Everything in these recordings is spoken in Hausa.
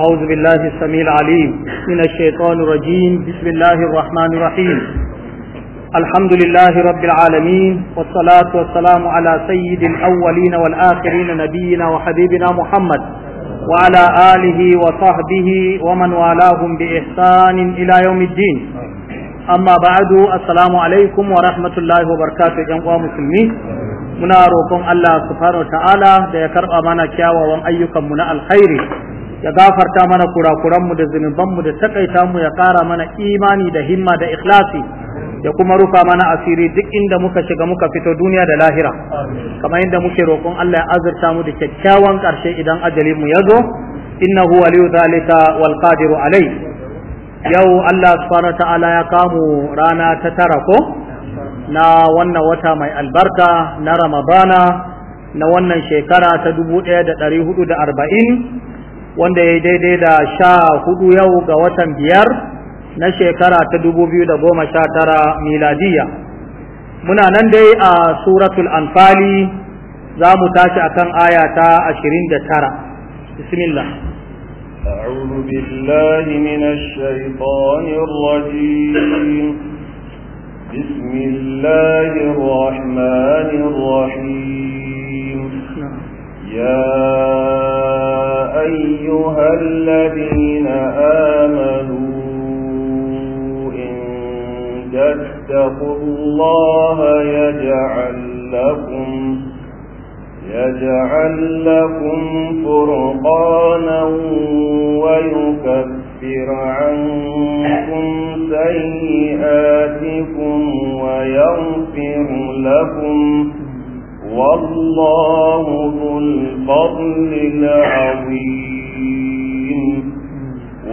أعوذ بالله السميع العليم من الشيطان الرجيم بسم الله الرحمن الرحيم الحمد لله رب العالمين والصلاة والسلام على سيد الأولين والآخرين نبينا وحبيبنا محمد وعلى آله وصحبه ومن والاهم بإحسان إلى يوم الدين أما بعد السلام عليكم ورحمة الله وبركاته جمع مسلمين muna roƙon Allah subhanahu ta'ala da ya karɓa mana kyawawan ayyukanmu na alkhairi ya gafarta mana mu da zunubanmu da takaita mu ya ƙara mana imani da himma da ikhlasi ya kuma rufa mana asiri duk inda muka shiga muka fito duniya da lahira kamar inda muke roƙon Allah ya azurta mu da kyakkyawan ƙarshe idan mu ya zo innahu waliyu zalika wal qadiru alai yau Allah subhanahu ta'ala ya kamu rana ta tara ko na wannan wata mai albarka na ramadana na wannan shekara ta 1440 wanda ya yi daidai da sha hudu yau ga watan biyar na shekara ta 2019 miladiya muna nan dai a suratul anfali za mu tashi akan aya ta 29 bismillah أعوذ بالله من الشيطان الرجيم بسم الله الرحمن الرحيم نعم. يا أيها الذين آمنوا إن تتقوا الله يجعل لكم يجعل لكم فرقانا ويكفر عنكم سيئاتكم ويغفر لكم والله ذو الفضل العظيم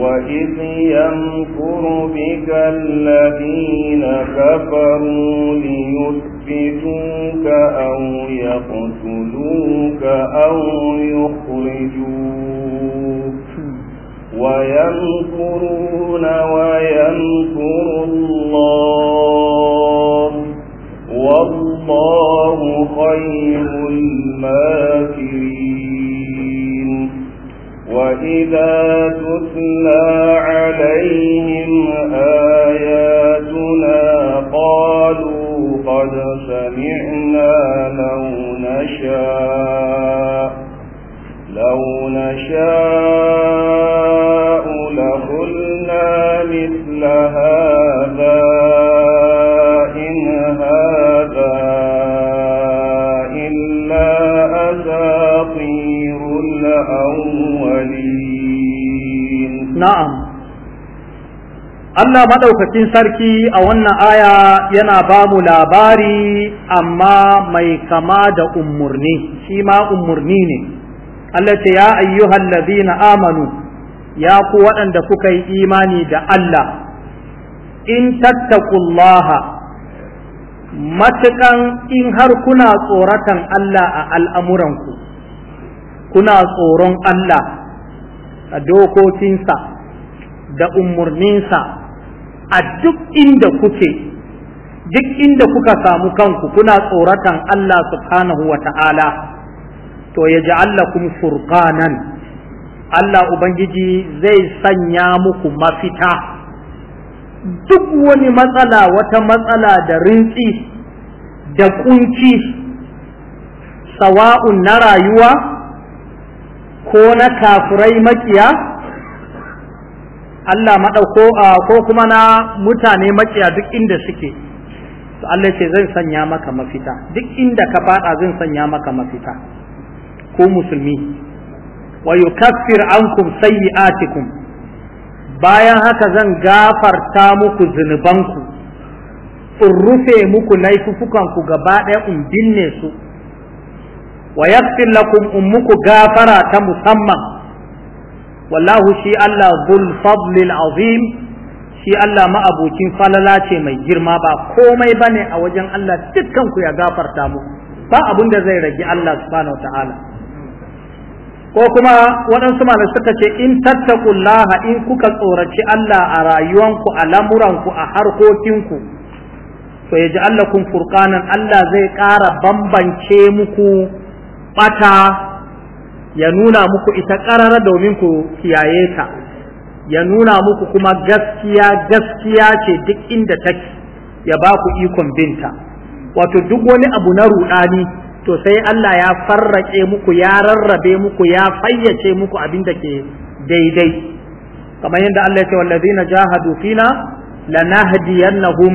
وإذ يمكر بك الذين كفروا ليسر يثبتوك أو يقتلوك أو يخرجوك ويمكرون ويمكر الله والله خير الماكرين وإذا تتلى عليهم آياتنا قالوا قد سمعنا لو نشاء لو نشاء لقلنا مثل هذا إن هذا إلا أساطير الأولين نعم Allah maɗaukacin sarki a wannan aya yana ba mu labari amma mai kama da umarni, shi ma umarni ne. Allah ce, Ya ayyuhan lazina amanu, ya ku waɗanda kuka yi imani da Allah, in tattakullaha matukan in har kuna tsoratan Allah a al'amuranku, kuna tsoron Allah a dokokinsa da umarninsa. a duk inda kuke duk inda kuka samu kanku kuna tsoratan Allah subhanahu wa ta'ala to ya ja'allakum furqanan Allah Ubangiji zai sanya muku mafita duk wani matsala wata matsala da rintsi da kunci sawa'un na rayuwa ko na kafurai makiya Allah maɗauko ko kuma na mutane makiya duk inda suke to Allah ce zan sanya maka mafita duk inda ka faɗa zan sanya maka mafita ko musulmi wa yukaffir ankum sayyi'atikum bayan haka zan gafarta muku zunubanku in rufe muku laifukanku gaba ɗaya in binne su wa yaghfir lakum ummuku gafara ta musamman wallahu shi Allah zul fadlil azim shi Allah ma'abokin falala ce mai girma ba komai bane a wajen Allah dukkan ku ya gafarta mu ba abin da zai rage Allah subhanahu ta'ala ko kuma waɗansu malamai suka ce in tattaqullaha in kuka tsoraci Allah a rayuwanku a lamuranku a harkokinku to ya ji Allah kun furqanan Allah zai ƙara bambance muku bata ya nuna muku ita ƙarara domin ku kiyaye ta ya nuna muku kuma gaskiya gaskiya ce duk inda take ya ba ku ikon binta wato duk wani abu na ruɗani to sai Allah ya farraƙe muku ya rarrabe muku ya fayyace muku abin da ke daidai kamar yadda Allah ya ce wallazina jahadu fina lanahdiyannahum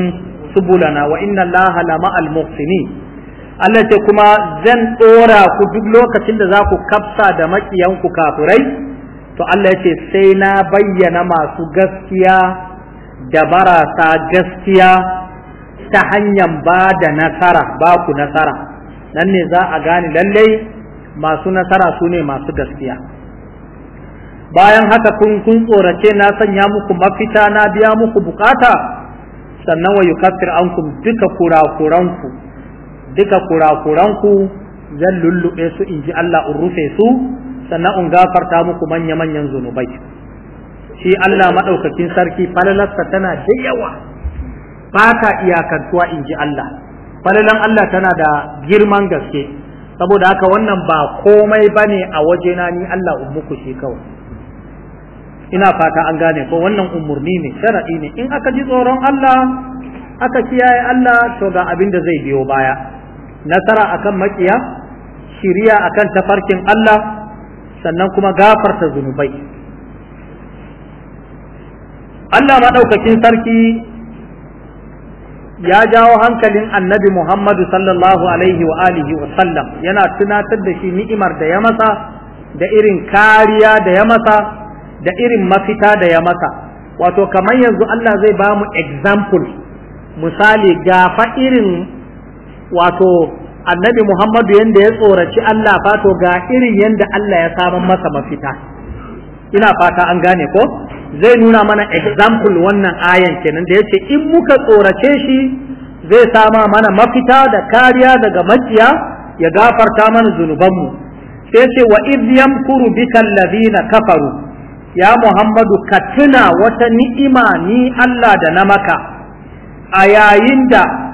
subulana wa inna Allaha lama al-muhsinin Allah ce kuma zan ɗora ku duk lokacin da za ku kafsa da ku kafurai to Allah ce sai na bayyana masu gaskiya da barasa gaskiya ta hanyar ba da nasara ba ku nasara nan ne za a gane lallai masu nasara su ne masu gaskiya bayan haka kun kun tsorace na sanya muku mafita na biya muku bukata sannan wa yukaffir ankum duka kurakuranku duka kurakuranku zan lullube su in ji Allah in rufe su sannan in gafarta muku manya-manyan zunubai shi Allah maɗaukakin sarki falalarsa tana da yawa ba ta iyakantuwa in ji Allah falalan Allah tana da girman gaske saboda haka wannan ba komai ba ne a wajena ni Allah in muku shi kawai ina fata an gane ko wannan umurni ne sharaɗi ne in aka ji tsoron Allah aka kiyaye Allah to ga abin da zai biyo baya nasara akan makiya shiriya akan tafarkin Allah sannan kuma gafarta zunubai Allah maɗaukakin sarki ya jawo hankalin annabi Muhammadu sallallahu alaihi wa alihi wa sallam yana tunatar da shi ni'imar da ya masa da irin kariya da ya masa da irin mafita da ya masa wato kamar yanzu Allah zai ba mu example misali gafa irin wato annabi Muhammadu yanda ya tsoraci Allah fato ga irin yanda Allah ya samun masa mafita ina fata an gane ko zai nuna mana example wannan ayan kenan da yace in muka tsorace shi zai sama mana mafita da kariya daga makiya ya gafarta mana zunubanmu sai ce wa idh yamkuru bikal ladina kafaru ya Muhammadu ka wata ni'ima ni Allah da na maka a yayin da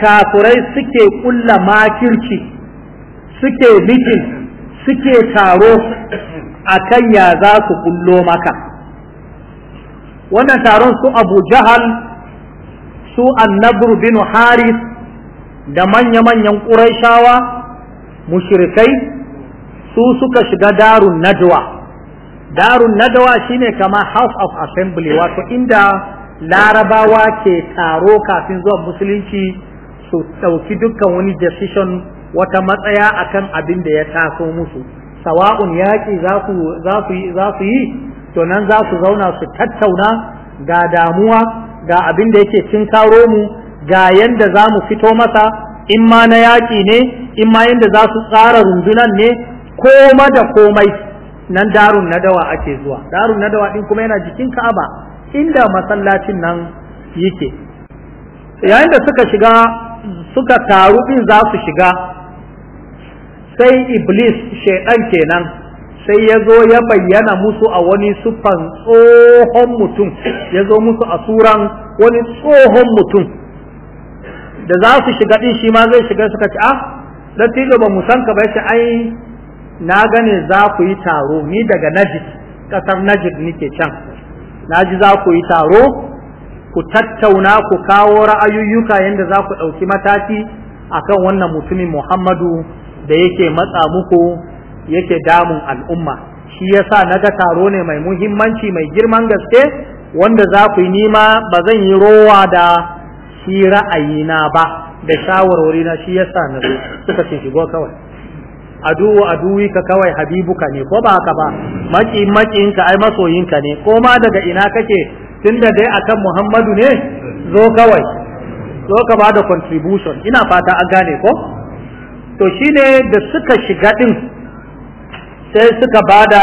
kafurai suke kulla makirci suke mitin suke taro a kan ya za su kullo maka wannan taron su abu jahal su annabur bin haris da manya-manyan ƙuraishawa mushrikai su suka shiga darun nadwa darun nadwa shine kama house of assembly wato inda larabawa ke taro kafin zuwa musulunci su ɗauki dukkan wani decision wata matsaya akan abin da ya taso musu sawa'un yaƙi za su yi to nan za su zauna su tattauna ga damuwa ga abin da yake cin karo mu ga yanda za mu fito masa in ma na yaƙi ne in ma yanda za su tsara rundunan ne koma da komai nan darun na ake zuwa darun na dawa kuma yana jikin ka'aba inda masallacin nan yake yayin da suka shiga suka taru din za su shiga sai iblis shaidan kenan sai ya zo ya bayyana musu a wani sufan tsohon mutum ya zo musu a suran wani tsohon mutum da za su shiga din shi ma zai shiga suka ce ah tilo ba mu san ka bai ce ai na gane za ku yi taro ni daga najid kasar najid nike can na ji za ku yi taro ku tattauna ku kawo ra'ayoyuka yadda za ku ɗauki mataki akan wannan mutumin Muhammadu da yake matsa muku yake damun al'umma shi yasa naga taro ne mai muhimmanci mai girman gaske wanda za ku yi nima ba zan yi rowa da shi ra'ayina ba da shawarwari na shi yasa na zo suka ce shigo kawai aduwa aduwi ka kawai habibuka ne ko ba haka ba maki makinka ai masoyinka ne ko ma daga ina kake tunda dai akan Muhammadu ne zo kawai zo ka bada contribution ina fata an gane ko to shine da suka shiga ɗin sai suka bada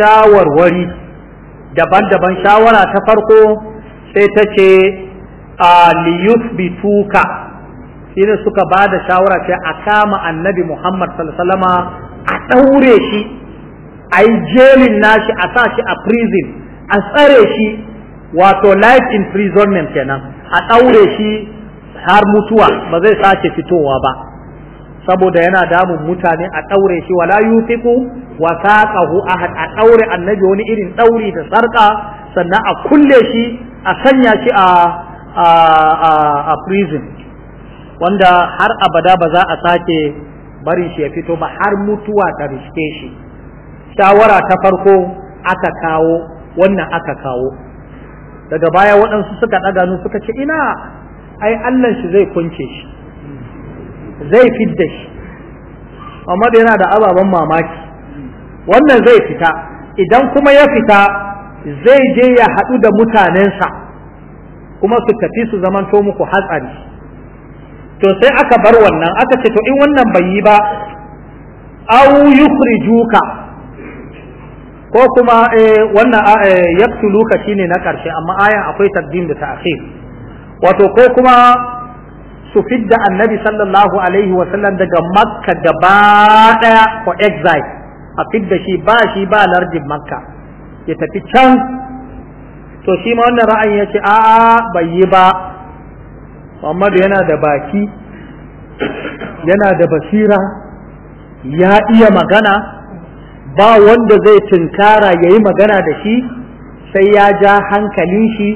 shawarwari daban-daban shawara ta farko sai ta ce a liyufbituka shine suka bada shawara ce a kama annabi Muhammad sallallahu a daure shi a yi jelin nashi a sa shi a prison a tsare shi wato life imprisonment kenan a ɗaure shi har mutuwa ba zai sake fitowa ba saboda yana damun mutane a ɗaure shi wala yufiku wa saqahu ahad a ɗaure annabi wani irin ɗauri da sarka sannan a kulle shi a sanya shi a a prison wanda har abada ba za a sake barin shi ya fito ba har mutuwa ta riske shi shawara ta farko aka kawo wannan aka kawo daga baya waɗansu suka ɗaga nu suka ce ina ai Allah shi zai kunce shi zai fidda shi amma yana da ababen mamaki wannan zai fita idan kuma ya fita zai je ya haɗu da mutanensa kuma su tafi su zamanto muku hatsari to sai aka bar wannan aka ce to in wannan bai yi ba au yukhrijuka ko kuma eh, wannan ah, eh, yaktu lokaci ne na karshe amma ayan akwai taqdim da ta'khir wato ko kuma su fidda annabi sallallahu alaihi wa sallam daga makka gaba daya for exile a fidda shi ba shi ba lardin makka ya tafi can to shi ma wannan ra'ayin ya ce a'a bai yi ba Muhammadu yana da baki yana da basira ya iya magana ba wanda zai tunkara ya yi magana da shi sai ya ja hankalin shi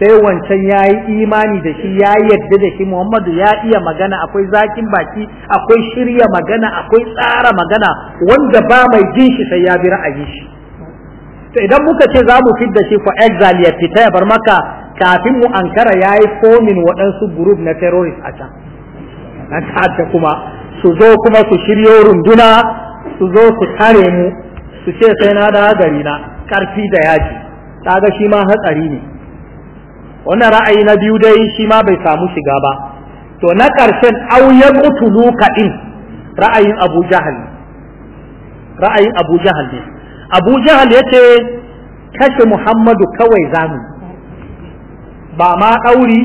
sai wancan ya yi imani da shi ya yarda da shi muhammadu ya iya magana akwai zakin baki akwai shirya magana akwai tsara magana wanda ba mai jin shi sai ya bi ra'ayi shi to idan muka ce za mu fidda shi for exile ya fita ya bar maka kafin mu ankara ya yi fomin waɗansu group na terrorist a can an kuma su zo kuma su shiryo runduna su zo su kare mu su ce sai na da gari na karfi da yaji kaga shi ma hatsari ne wannan ra'ayi na biyu dai shi ma bai samu shiga ba to na ƙarshen ya utulu kaɗin ra'ayin abu jahal ra'ayin abu jahal ne abu jahal ya ce kashe muhammadu kawai zamu ba ma ɗauri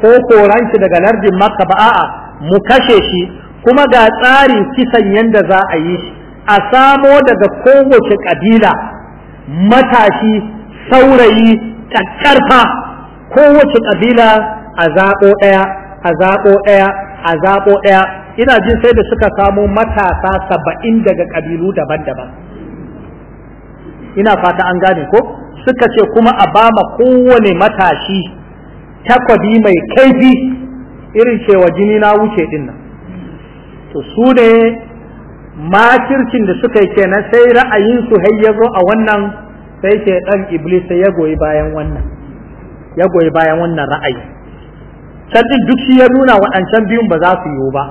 ko koran daga lardin makka ba a'a mu kashe shi kuma ga tsarin kisan yadda za a yi shi a samo daga kowace kabila matashi saurayi kakkarfa kowace kabila a zaɓo ɗaya a zaɓo ɗaya a zaɓo ɗaya ina jin sai da suka samo matasa saba'in daga ƙabilu daban-daban ina fata an gane ko suka ce kuma a bama kowane matashi takwabi mai kaifi irin cewa jini na wuce dinnan to su ne makircin da suka yi kenan sai ra'ayin su har ya zo a wannan sai ke dan iblis ya goyi bayan wannan ya goyi bayan wannan ra'ayi can din duk shi ya nuna waɗancan biyun ba za su yiwu ba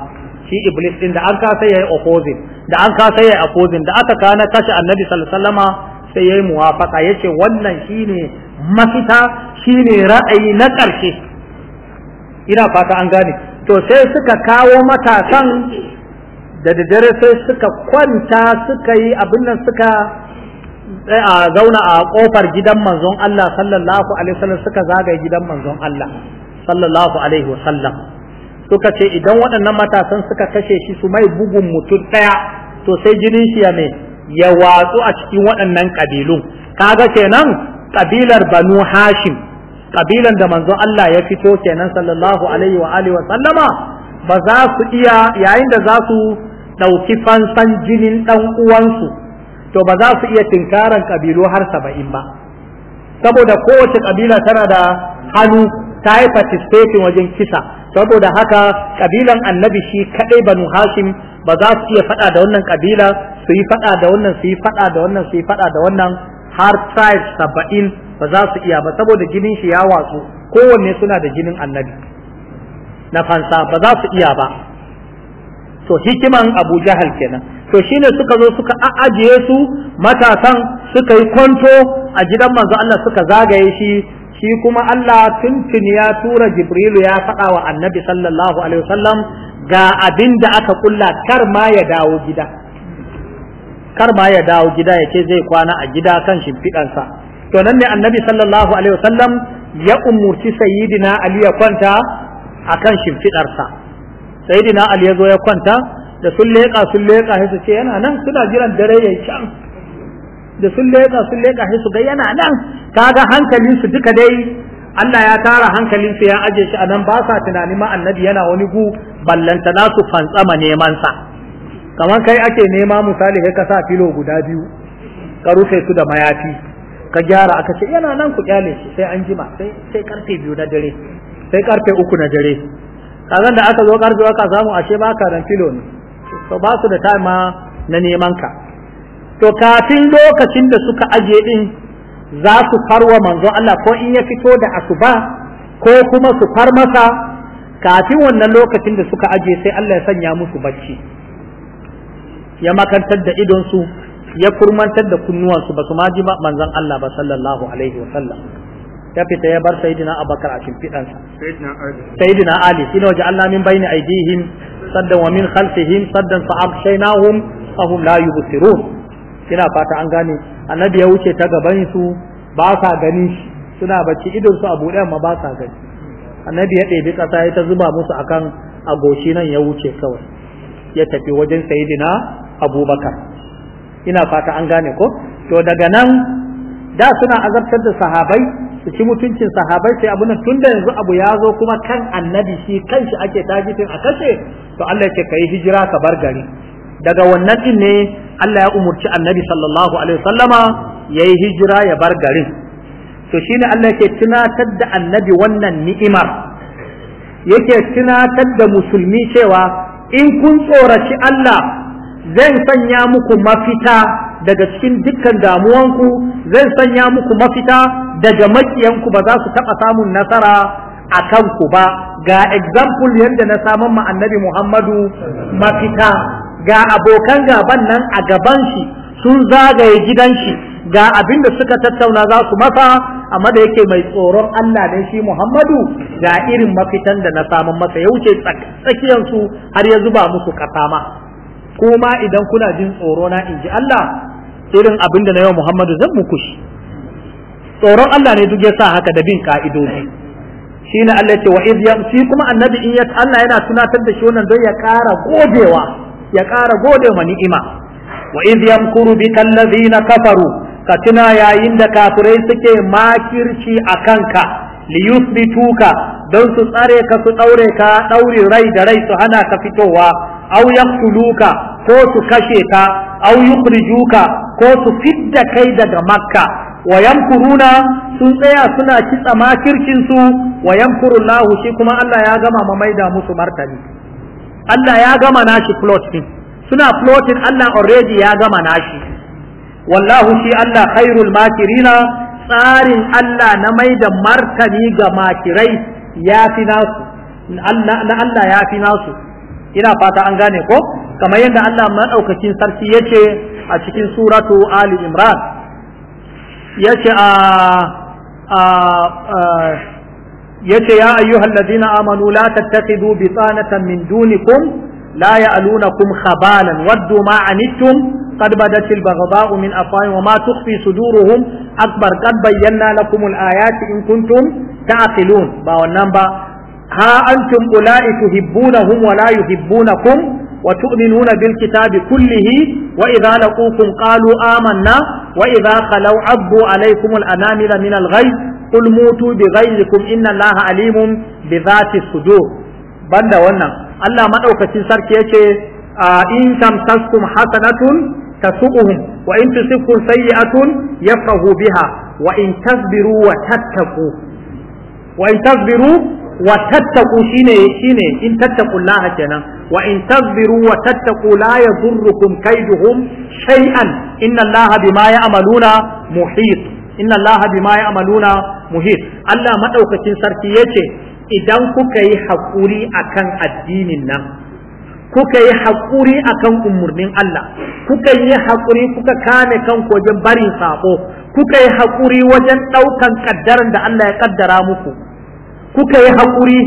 shi iblis din da an ka sai yayi opposing da an ka sai yayi opposing da aka kana kashe annabi sallallahu alaihi wasallama sai yayi muwafaqa yace wannan shine mafita shine ra'ayi na ƙarshe ina fata an gane to sai suka kawo matasan da daddare sai suka kwanta suka yi abin nan suka eh, a zauna a kofar gidan manzon Allah sallallahu alaihi wasallam suka zagaye gidan manzon Allah sallallahu alaihi wasallam suka ce idan waɗannan matasan suka kashe shi su mai bugun mutum ɗaya to sai jinin shi ya me ya watsu a cikin waɗannan ƙabilun kaga kenan ƙabilar banu hashim kabilan da manzon Allah ya fito kenan sallallahu alaihi wa alihi wa sallama ba za su iya yayin da za su ɗauki fansan jinin ɗan uwansu to ba za su iya tinkaran ƙabilu har saba'in ba saboda kowace ƙabila tana da hannu ta yi participating wajen kisa saboda haka ƙabilan annabi shi kaɗai banu hashim ba za su iya faɗa da wannan ƙabila su yi faɗa da wannan su yi faɗa da wannan su yi faɗa da wannan har tribe saba'in ba za su iya ba saboda jinin shi ya watsu kowanne suna da jinin annabi na fansa ba za su iya ba to hikiman abu jahal kenan to shine suka zo suka ajiye su matasan suka yi kwanto a gidan manzo Allah suka zagaye shi shi kuma Allah tuntun ya tura jibrilu ya faɗa wa annabi sallallahu alaihi wasallam ga abinda aka kulla kar ma ya dawo gida kar ma ya dawo gida ya zai kwana a gida kan shimfiɗansa to nan ne annabi sallallahu alaihi wasallam ya umurci sayyidina ali ya kwanta akan shimfiɗarsa sayyidina ali ya zo ya kwanta da sun leƙa sun leƙa sai su ce yana nan suna jiran dare yayi can da sun leƙa sun leƙa sai su ga yana nan kaga hankalin su duka dai Allah ya tara hankalin su ya aje shi anan ba sa tunani ma annabi yana wani gu ballanta da su fantsama neman sa kamar kai ake nema misali kai ka sa filo guda biyu ka rufe su da mayafi ka gyara aka ce yana nan ku kyale shi sai an jima sai sai karfe biyu na dare sai karfe uku na dare Kazan da aka zo karfi aka samu ashe ba dan filo ne to ba su da time na neman ka to kafin lokacin da suka aje din za su farwa manzo Allah ko in ya fito da asuba ko kuma su far masa kafin wannan lokacin da suka aje sai Allah ya sanya musu bacci ya makantar da idon su ya kurmantar da kunnuwansu ba su ma ji manzon Allah ba sallallahu alaihi wa sallam ya fita ya bar sayidina abakar a shimfiɗansa sayidina ali ne waje Allah min bayni aidihim saddan wa min khalfihim saddan fa abshaynahum fa hum la yubsirun ina fata an gane annabi ya wuce ta gaban su ba sa gani suna bacci idon su a buɗe amma ba sa gani annabi ya ɗebi ƙasa ya ta zuba musu akan agoshi nan ya wuce kawai ya tafi wajen sayidina abubakar ina fata an gane ko to daga nan da suna azabtar da sahabai su ci mutuncin sahabai sai abu nan da yanzu abu ya zo kuma kan annabi shi kanshi ake tagitin a kashe to Allah ya ce kai hijira ka bar gari daga wannan din ne Allah ya umurci annabi sallallahu alaihi wasallama yayi hijira ya bar garin to shine Allah yake tunatar da annabi wannan ni'imar yake tunatar da musulmi cewa in kun tsoraci Allah zan sanya muku mafita daga cikin dukkan damuwanku zai sanya muku mafita daga makiyanku ba za su taɓa samun nasara a kanku ba ga example yadda na saman ma annabi Muhammadu mafita ga abokan gaban nan a gaban shi sun zagaye gidan shi ga abin da suka tattauna za su masa amma da yake mai tsoron Allah ne shi Muhammadu ga irin mafitan da na saman masa ya wuce tsakiyansu har ya zuba musu kasama kuma idan kuna jin tsoro na inji Allah irin abin da na yau Muhammadu zan muku shi tsoron Allah ne duk ya sa haka da bin ka'idoji ne Allah ce wa shi kuma annabi in ya Allah yana tunatar da shi wannan don ya ƙara godewa ya kara godewa ni'ima wa idh yamkuru bika kallazina kafaru ka tuna yayin da kafirai suke makirci a kanka tuka don su tsare ka su ɗaure ka ɗauri rai da rai su hana ka fitowa aw yaqtuluka ko su kashe ka aw yukhrijuka ko su fidda kai daga makka wa yamkuruna sun tsaya suna kitsa makircin su wa yamkurullahu shi kuma Allah ya gama ma maida musu martani Allah ya gama nashi plot suna plotin Allah already ya gama nashi wallahu shi Allah khairul makirina tsarin Allah na maida martani ga makirai ya fi nasu na Allah ya fi nasu ina fata an gane ko kamar yadda Allah maɗaukakin sarki yace a cikin suratu Ali Imran yace a ya ayyuhal ladina amanu la tattakhidu bitanatan min dunikum la ya'lunakum khabalan waddu ma anittum qad badat al-baghdha'u min afwahihim wa ma tukhfi suduruhum akbar qad bayyana lakum al-ayati in kuntum ta'qilun ba wannan ba ha antum ula'i tuhibbunahum wa la kum! وتؤمنون بالكتاب كله وإذا لقوكم قالوا آمنا وإذا خلوا عضوا عليكم الأنامل من الغيظ قل موتوا بغيظكم إن الله عليم بذات الصدور بند ونا الله ما أوكتين سركي إن تمسسكم حسنة تسوقهم وإن تصبكم سيئة يفرحوا بها وإن تصبروا وتتقوا وإن تصبروا wa tattaku shine shine in tattaqullaha kenan wa in tasbiru wa tattaku la yadurrukum kaiduhum shay'an inna allaha bima ya'maluna muhit inna allaha bima ya'maluna muhit Allah madaukakin sarki yace idan kuka yi hakuri akan addinin nan kuka yi hakuri akan umurnin Allah kuka yi hakuri kuka kame kan wajen barin sabo kuka yi hakuri wajen daukan kaddaran da Allah ya kaddara muku kuka yi haƙuri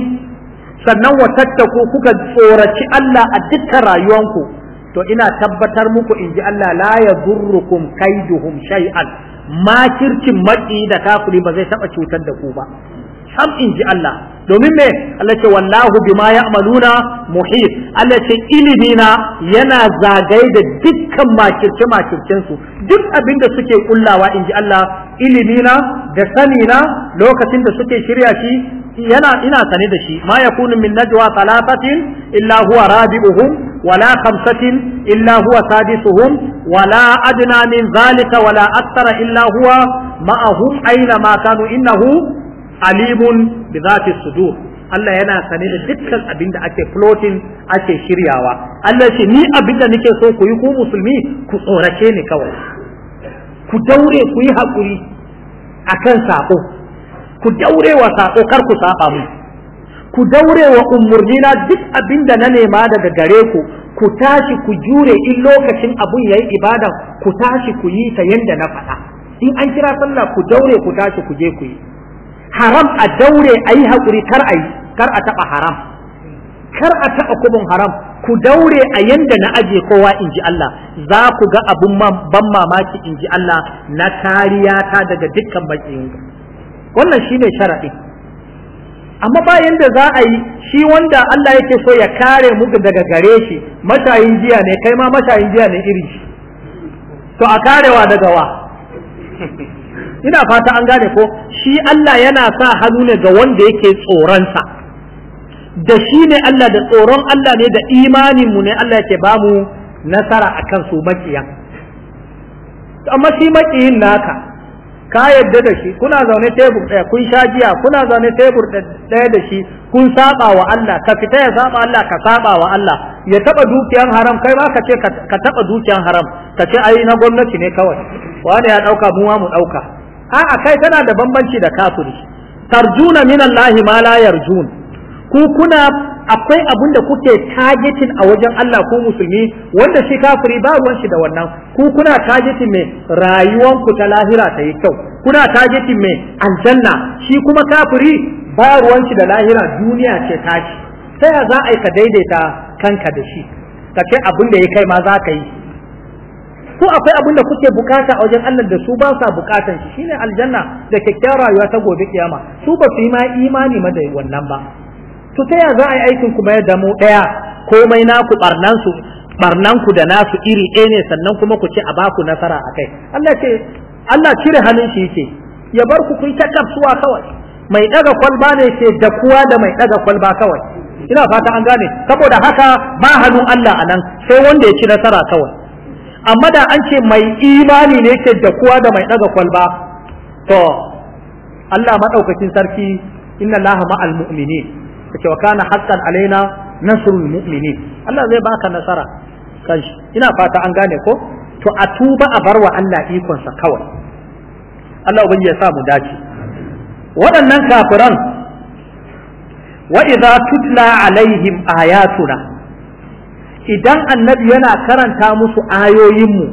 sannan watattaku kuka tsoraci Allah a dukkan rayuwanku to ina tabbatar muku inji Allah la yadurrukum kaiduhum shay'an makircin maki da kafiri ba zai taɓa cutar da ku ba sam inji Allah domin me Allah ce wallahu bima ya'maluna muhit Allah ce ilimina yana zagaye da dukkan makirce makircen su duk abin da suke kullawa inji Allah ilimina da sani na lokacin da suke shirya shi yana ina sane da shi ma yakunu min najwa thalathatin illa huwa rabi'uhum ولا wala إلا min zalika wala أدنى من ذلك ولا أكثر إلا aina ma أينما كانوا إنه عليم بذات الصدور Allah yana sane da dukkan abin da ake floating ake shiryawa Allah ce ni abin da nake so ku yi ku musulmi ku tsorace ni kawai ku daure ku yi haƙuri akan sako ku daure wa sako kar ku saba mu ku daure wa umurnina duk abinda na nema daga gare ku ku tashi ku jure in lokacin abun yayi ibada ku tashi ku yi ta yanda na faɗa in an kira sallah ku daure ku tashi ku je ku yi haram a daure ai hakuri kar kar a taba haram kar a taɓa kubun haram ku daure a yanda na aje kowa in ji Allah za ku ga abun ban mamaki in ji Allah na kariya ta daga dukkan bakin wannan shi ne sharaɗi, amma bayan da za a yi shi wanda Allah yake so ya kare mu daga gare shi mashayin jiya ne kai ma mashayin jiya ne irin shi to a karewa daga wa ina fata an gane ko shi Allah yana sa hannu ne ga wanda yake tsoronsa da shi ne Allah da tsoron Allah ne da imanin mu ne Allah yake ba mu nasara akan su makiya amma shi makiyin naka ka yadda da shi kuna zaune tebur ɗaya kun sha giya kuna zaune tebur ɗaya da shi kun saba wa Allah ka fita ya saba Allah ka saba wa Allah ya taba dukiyan haram kai ma ka ce ka taba dukiyan haram ka ce ai na gwamnati ne kawai wani ya dauka mu mu dauka a'a kai tana da bambanci da kafiri tarjuna min Allah ma la yarjun ku kuna akwai abun da kuke targeting a wajen Allah ko musulmi wanda shi kafiri ba ruwan shi da wannan ku kuna targeting me rayuwan ku ta lahira ta yi kyau kuna targeting me aljanna shi kuma kafiri ba ruwan shi da lahira duniya ce tashi ta ya za a yi ka daidaita kanka da shi ka ce abun da ya kai ma za ka yi ko akwai abin da kuke bukata a wajen Allah da su ba sa bukatan shi shine aljanna da kyakkyawar rayuwa ta gobe kiyama su ba su yi ma imani ma da wannan ba to ta ya za a yi aikin ku kuma ya damu ɗaya komai naku barnan su barnan ku da nasu iri ɗaya ne sannan kuma ku ce a baku nasara akai Allah ce Allah cire hannun shi yake ya bar ku kun ta kafsuwa kawai mai daga kwalba ne ke da kuwa da mai daga kwalba kawai ina fata an gane saboda haka ba hannun Allah anan sai wanda ya ci nasara kawai amma da an ce mai imani ne ke da kuwa da mai daga kwalba to Allah madaukakin sarki inna Allah ma'al mu'minin kace wa kana haqqan alaina nasrul mu'minin Allah zai baka nasara kanshi ina fata an gane ko to a tuba a barwa Allah ikon sa kawai Allah ubangi ya sa mu dace waɗannan kafiran wa idza tutla alaihim ayatuna idan annabi yana karanta musu ayoyinmu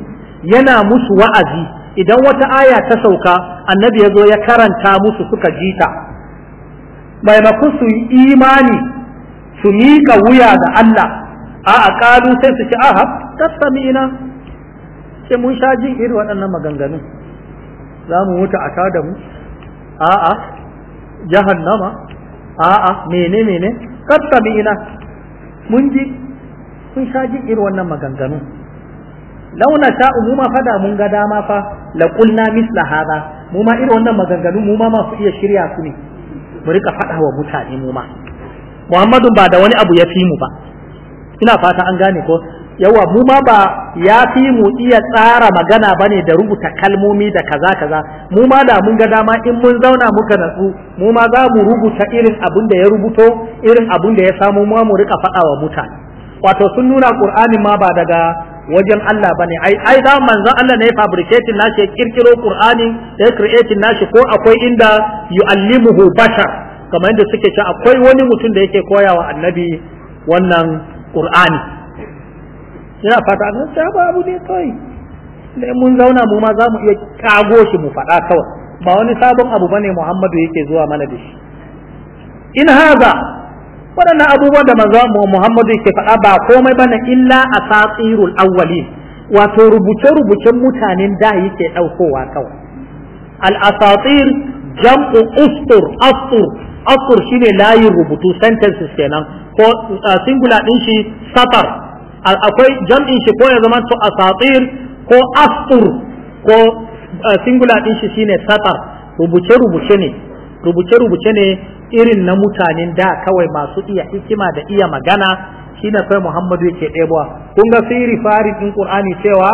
yana musu wa'azi idan wata aya ta sauka annabi ya zo ya karanta musu suka jita maimakon su yi imani su miƙa wuya da Allah a a ƙalu sai su ce aha ina ce mun sha jin irin waɗannan maganganun za mu mutu a ta da mu nama? jahannama a'a mene mene ina mun ji mun sha jin irin wannan maganganun launa sha mu ma fada mun ga dama fa la qulna misla hada mu ma irin wannan maganganun mu ma masu iya shirya su ne mu rika faɗa wa mutane mu ma Muhammadu ba da wani abu ya fi mu ba ina fata an gane ko yawa mu ma ba ya fi mu iya tsara magana bane da rubuta kalmomi da kaza kaza mu ma da mun ga dama in mun zauna muka natsu mu ma za mu rubuta irin abin da ya rubuto irin abin da ya samu mu mu rika faɗa wa mutane wato sun nuna qur'ani ma ba daga wajen Allah bane ai ai da manzon Allah ne fabricating nashi kirkiro Qur'ani ya creating nashi ko akwai inda yu'allimuhu bashar kamar yadda suke cewa akwai wani mutum da yake wa annabi wannan Qur'ani ina fata an ta ba abu ne kai ne mun zauna mu ma za mu iya kago shi mu faɗa kawai ba wani sabon abu bane Muhammadu yake zuwa mana da shi in haza waɗannan abubuwan da manzo Muhammadu ke faɗa ba komai bane illa asatirul awwali wato rubuce rubucen mutanen da yake ɗaukowa kawai al asatir jam'u ustur astur astur shine layin rubutu sentences kenan ko uh, singular din shi satar akwai jam'in shi ko ya zama to asatir ko astur ko uh, singular din shi shine satar rubuce rubuce ne rubuce rubuce ne irin na mutanen da kawai masu iya hikima da iya magana shine kai Muhammadu yake ɗebuwa. kun ga siri fari din Qur'ani cewa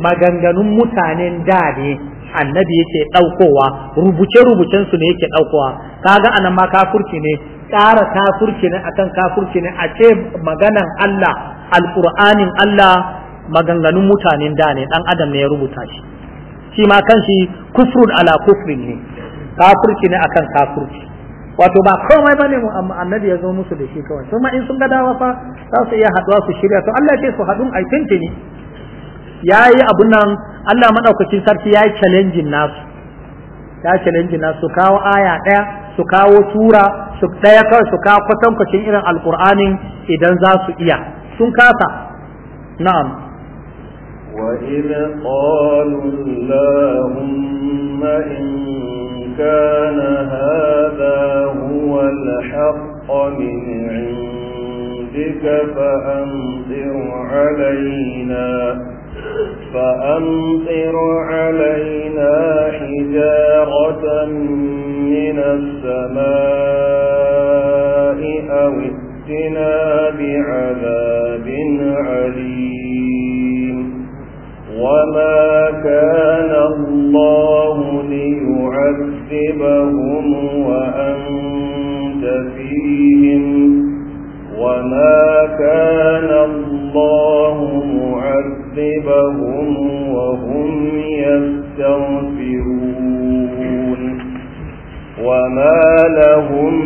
maganganun mutanen da ne annabi yake ɗaukowa rubuce rubucen su ne yake ɗaukowa kaga anan ma kafurci ne ƙara kafurci ne akan kafurci ne a ce maganan Allah alƙur'anin Allah maganganun mutanen da ne ɗan adam ne ya rubuta shi shi ma kanshi kufrun ala kufrin ne kafurci ne akan kafurci wato ba komai bane mu amma annabi ya zo musu da shi kawai kuma in sun ga dawa fa za su iya haduwa su shirya to Allah ce su hadun ai ne. yayi abun nan Allah madaukakin sarki yayi challenging nasu ya challenge nasu kawo aya daya su kawo sura su daya kawai su kawo kwatankwacin irin alqur'anin idan za su iya sun kasa na'am وإذ قالوا اللهم إن كان هذا هو الحق من عندك فأمطر علينا فأمطر علينا حجارة من السماء أو ائتنا بعذاب عليم وما كان الله ليعذبهم وأنت فيهم وما كان الله معذبهم وهم يستغفرون وما لهم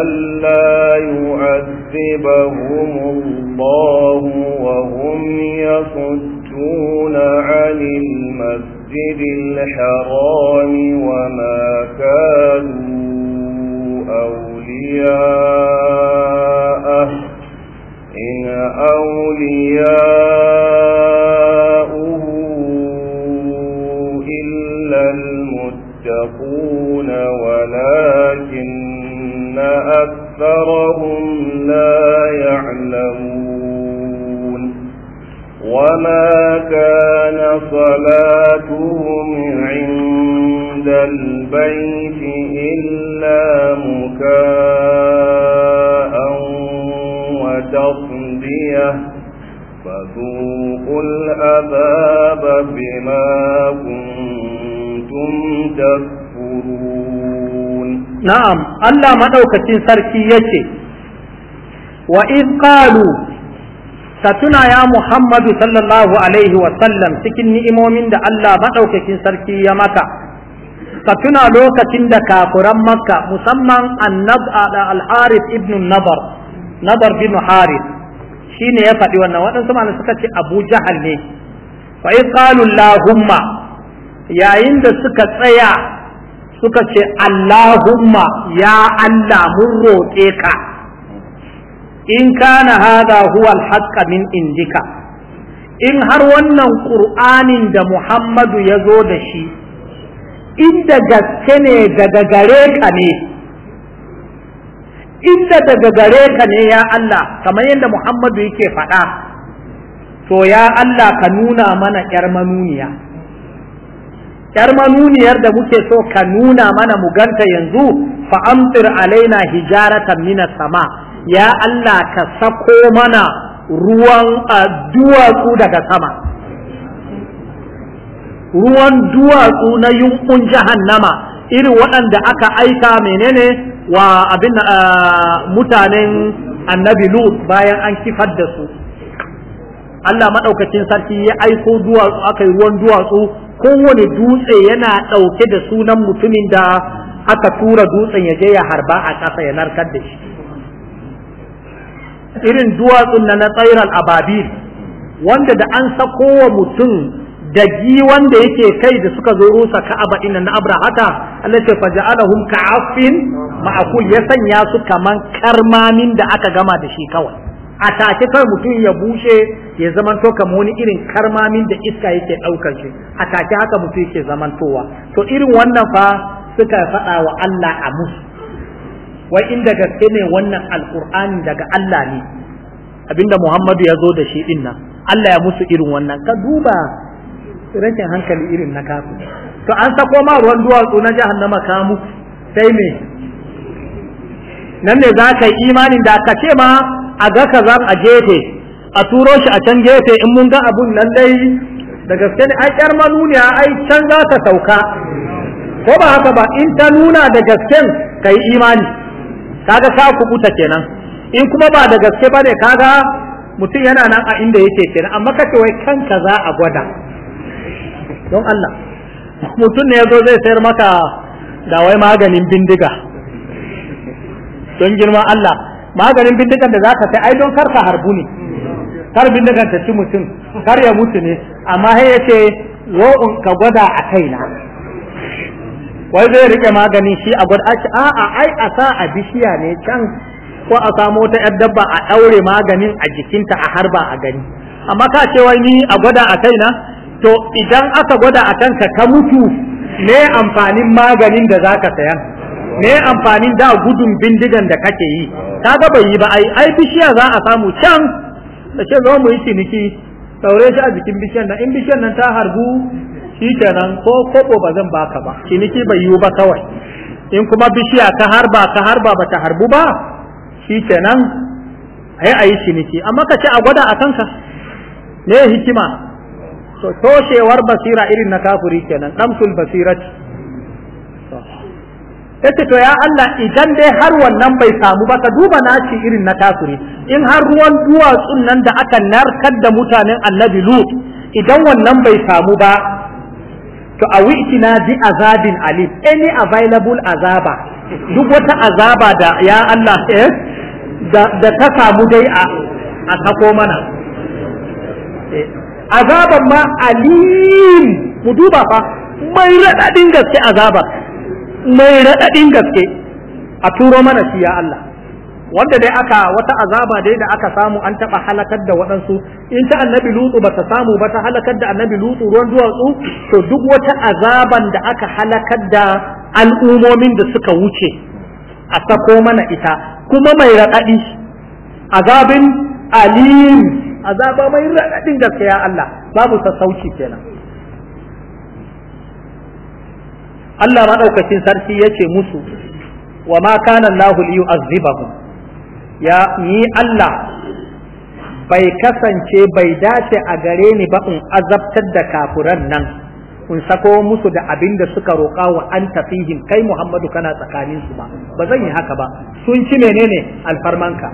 ألا يعذبهم الله وهم يصدون يصدون عن المسجد الحرام وما كانوا أولياءه إن أولياؤه إلا المتقون ولكن أكثرهم لا يعلمون وما كان صلاتهم عند البيت إلا مكاء وتصدية فذوقوا العذاب بما كنتم تكفرون نعم الله مدوكة سركي يشي وإذ قالوا ka tuna ya Muhammadu sallallahu alaihi wasallam cikin ni'imomin da Allah maɗaukakin sarki ya maka ka tuna lokacin da kafuran makka musamman al-harith ibn nabar nabar bin harith shine ya faɗi wannan waɗansu ma'ana suka ce abu jahal ne fa qalu allahumma yayin da suka tsaya suka ce allahumma ya Allah mun roƙe ka in kana hada huwa alhaqqa min indika in har wannan qur'anin da Muhammadu ya zo da shi inda gaske ne daga gare ka ne inda daga gare ka ne ya Allah kamar yadda Muhammadu yake faɗa to ya Allah ka nuna mana ƴar manuniya ƴar manuniyar da muke so ka nuna mana mu ganta yanzu fa amtir alaina hijaratan minas sama ya Allah ka sako mana ruwan duwatsu daga sama ruwan duwatsu na yunkun jahannama irin waɗanda aka aika menene wa abin mutanen annabi lut bayan an kifar da su Allah maɗaukacin sarki ya aiko duwatsu aka yi ruwan duwatsu kowane dutse yana ɗauke da sunan mutumin da aka tura dutsen ya je ya harba a kasa ya narkar da shi irin duwatsun na na tsairal ababil wanda da an sako wa mutum da wanda yake kai da suka zo rusa ka'aba inna na abrahata Allah ce fa ja'alahum ka'afin ma'akul ya sanya su kaman karmamin da aka gama da shi kawai a take kai mutum ya bushe ya zamanto kamar wani irin karmamin da iska yake daukar shi a take haka mutum yake zamantowa to irin wannan fa suka faɗa wa Allah a musu wai inda gaske ne wannan alkur'ani daga Allah ne abinda Muhammadu ya zo da shi din nan Allah ya musu irin wannan ka duba rashin hankali irin na kafin to an sako ma ruwan duwatsu na jahannama ka mu sai me nan ne za ka yi imanin da ka ce ma a ga ka za a gefe a turo shi a can gefe in mun ga abun nan dai da gaske ne ai yar manuniya ai can za ka sauka ko ba haka ba in ta nuna da gasken ka yi imani kaga ka kubuta kenan in kuma ba da gaske bane kaga mutum yana nan a inda yake kenan amma kace wai kanka za a gwada don Allah mutum ne yazo zai sayar maka da wai maganin bindiga don girma Allah maganin bindigan da zaka sai ai don karka harbu ne kar bindigan ta ci mutum kar ya mutu ne amma sai yace wo ka gwada a kaina wai zai rike magani shi a gwada ake a'a ai a sa a bishiya ne can ko a samo ta yar dabba a daure maganin a jikinta a harba a gani amma ka ce wai ni a gwada a kai na, to idan aka gwada a kanka ka mutu ne amfanin maganin da zaka saya ne amfanin da gudun bindigan da kake yi kaga bai yi ba ai ai bishiya za a samu can da ce zo mu yi ciniki Saure shi a jikin bishiyar nan in bishiyar nan ta harbu shikenan ko kobo ba zan baka ba ciniki bai yiwu ba kawai in kuma bishiya ka harba ka harba ba ta harbu ba shikenan ai a yi ciniki amma ka ce a gwada a kanka ne hikima to toshewar basira irin na kafuri kenan damsul basirat yace to ya Allah idan dai har wannan bai samu ba ka duba shi irin na kafiri in har ruwan duwatsun nan da aka narkar da mutanen annabi lut idan wannan bai samu ba to a na ji azabin alim any available azaba duk wata azaba da ya Allah eh da ta samu dai a a sako mana eh, azaban ma alim mu duba fa mai radadin gaske azaba mai raɗaɗin gaske a turo mana shi ya Allah wanda dai aka wata azaba dai da aka samu an taba halakar da waɗansu in ta annabi lutu bata samu ba ta halakar da annabi lutu ruwan duwatsu to duk wata azaban da aka halakar da al'umomin da suka wuce a sako mana ita kuma mai raɗaɗi azabin alim azaba mai raɗaɗin gaskiya Allah babu sauki kenan Allah maɗaukacin sarki ya ce musu wa ma kana Allah ya ni Allah bai kasance bai dace a gare ni ba in azabtar da kafuran nan in sako musu da abin da suka roƙa wa an tafihin kai Muhammadu kana tsakanin su ba ba zan yi haka ba sun ci menene alfarmanka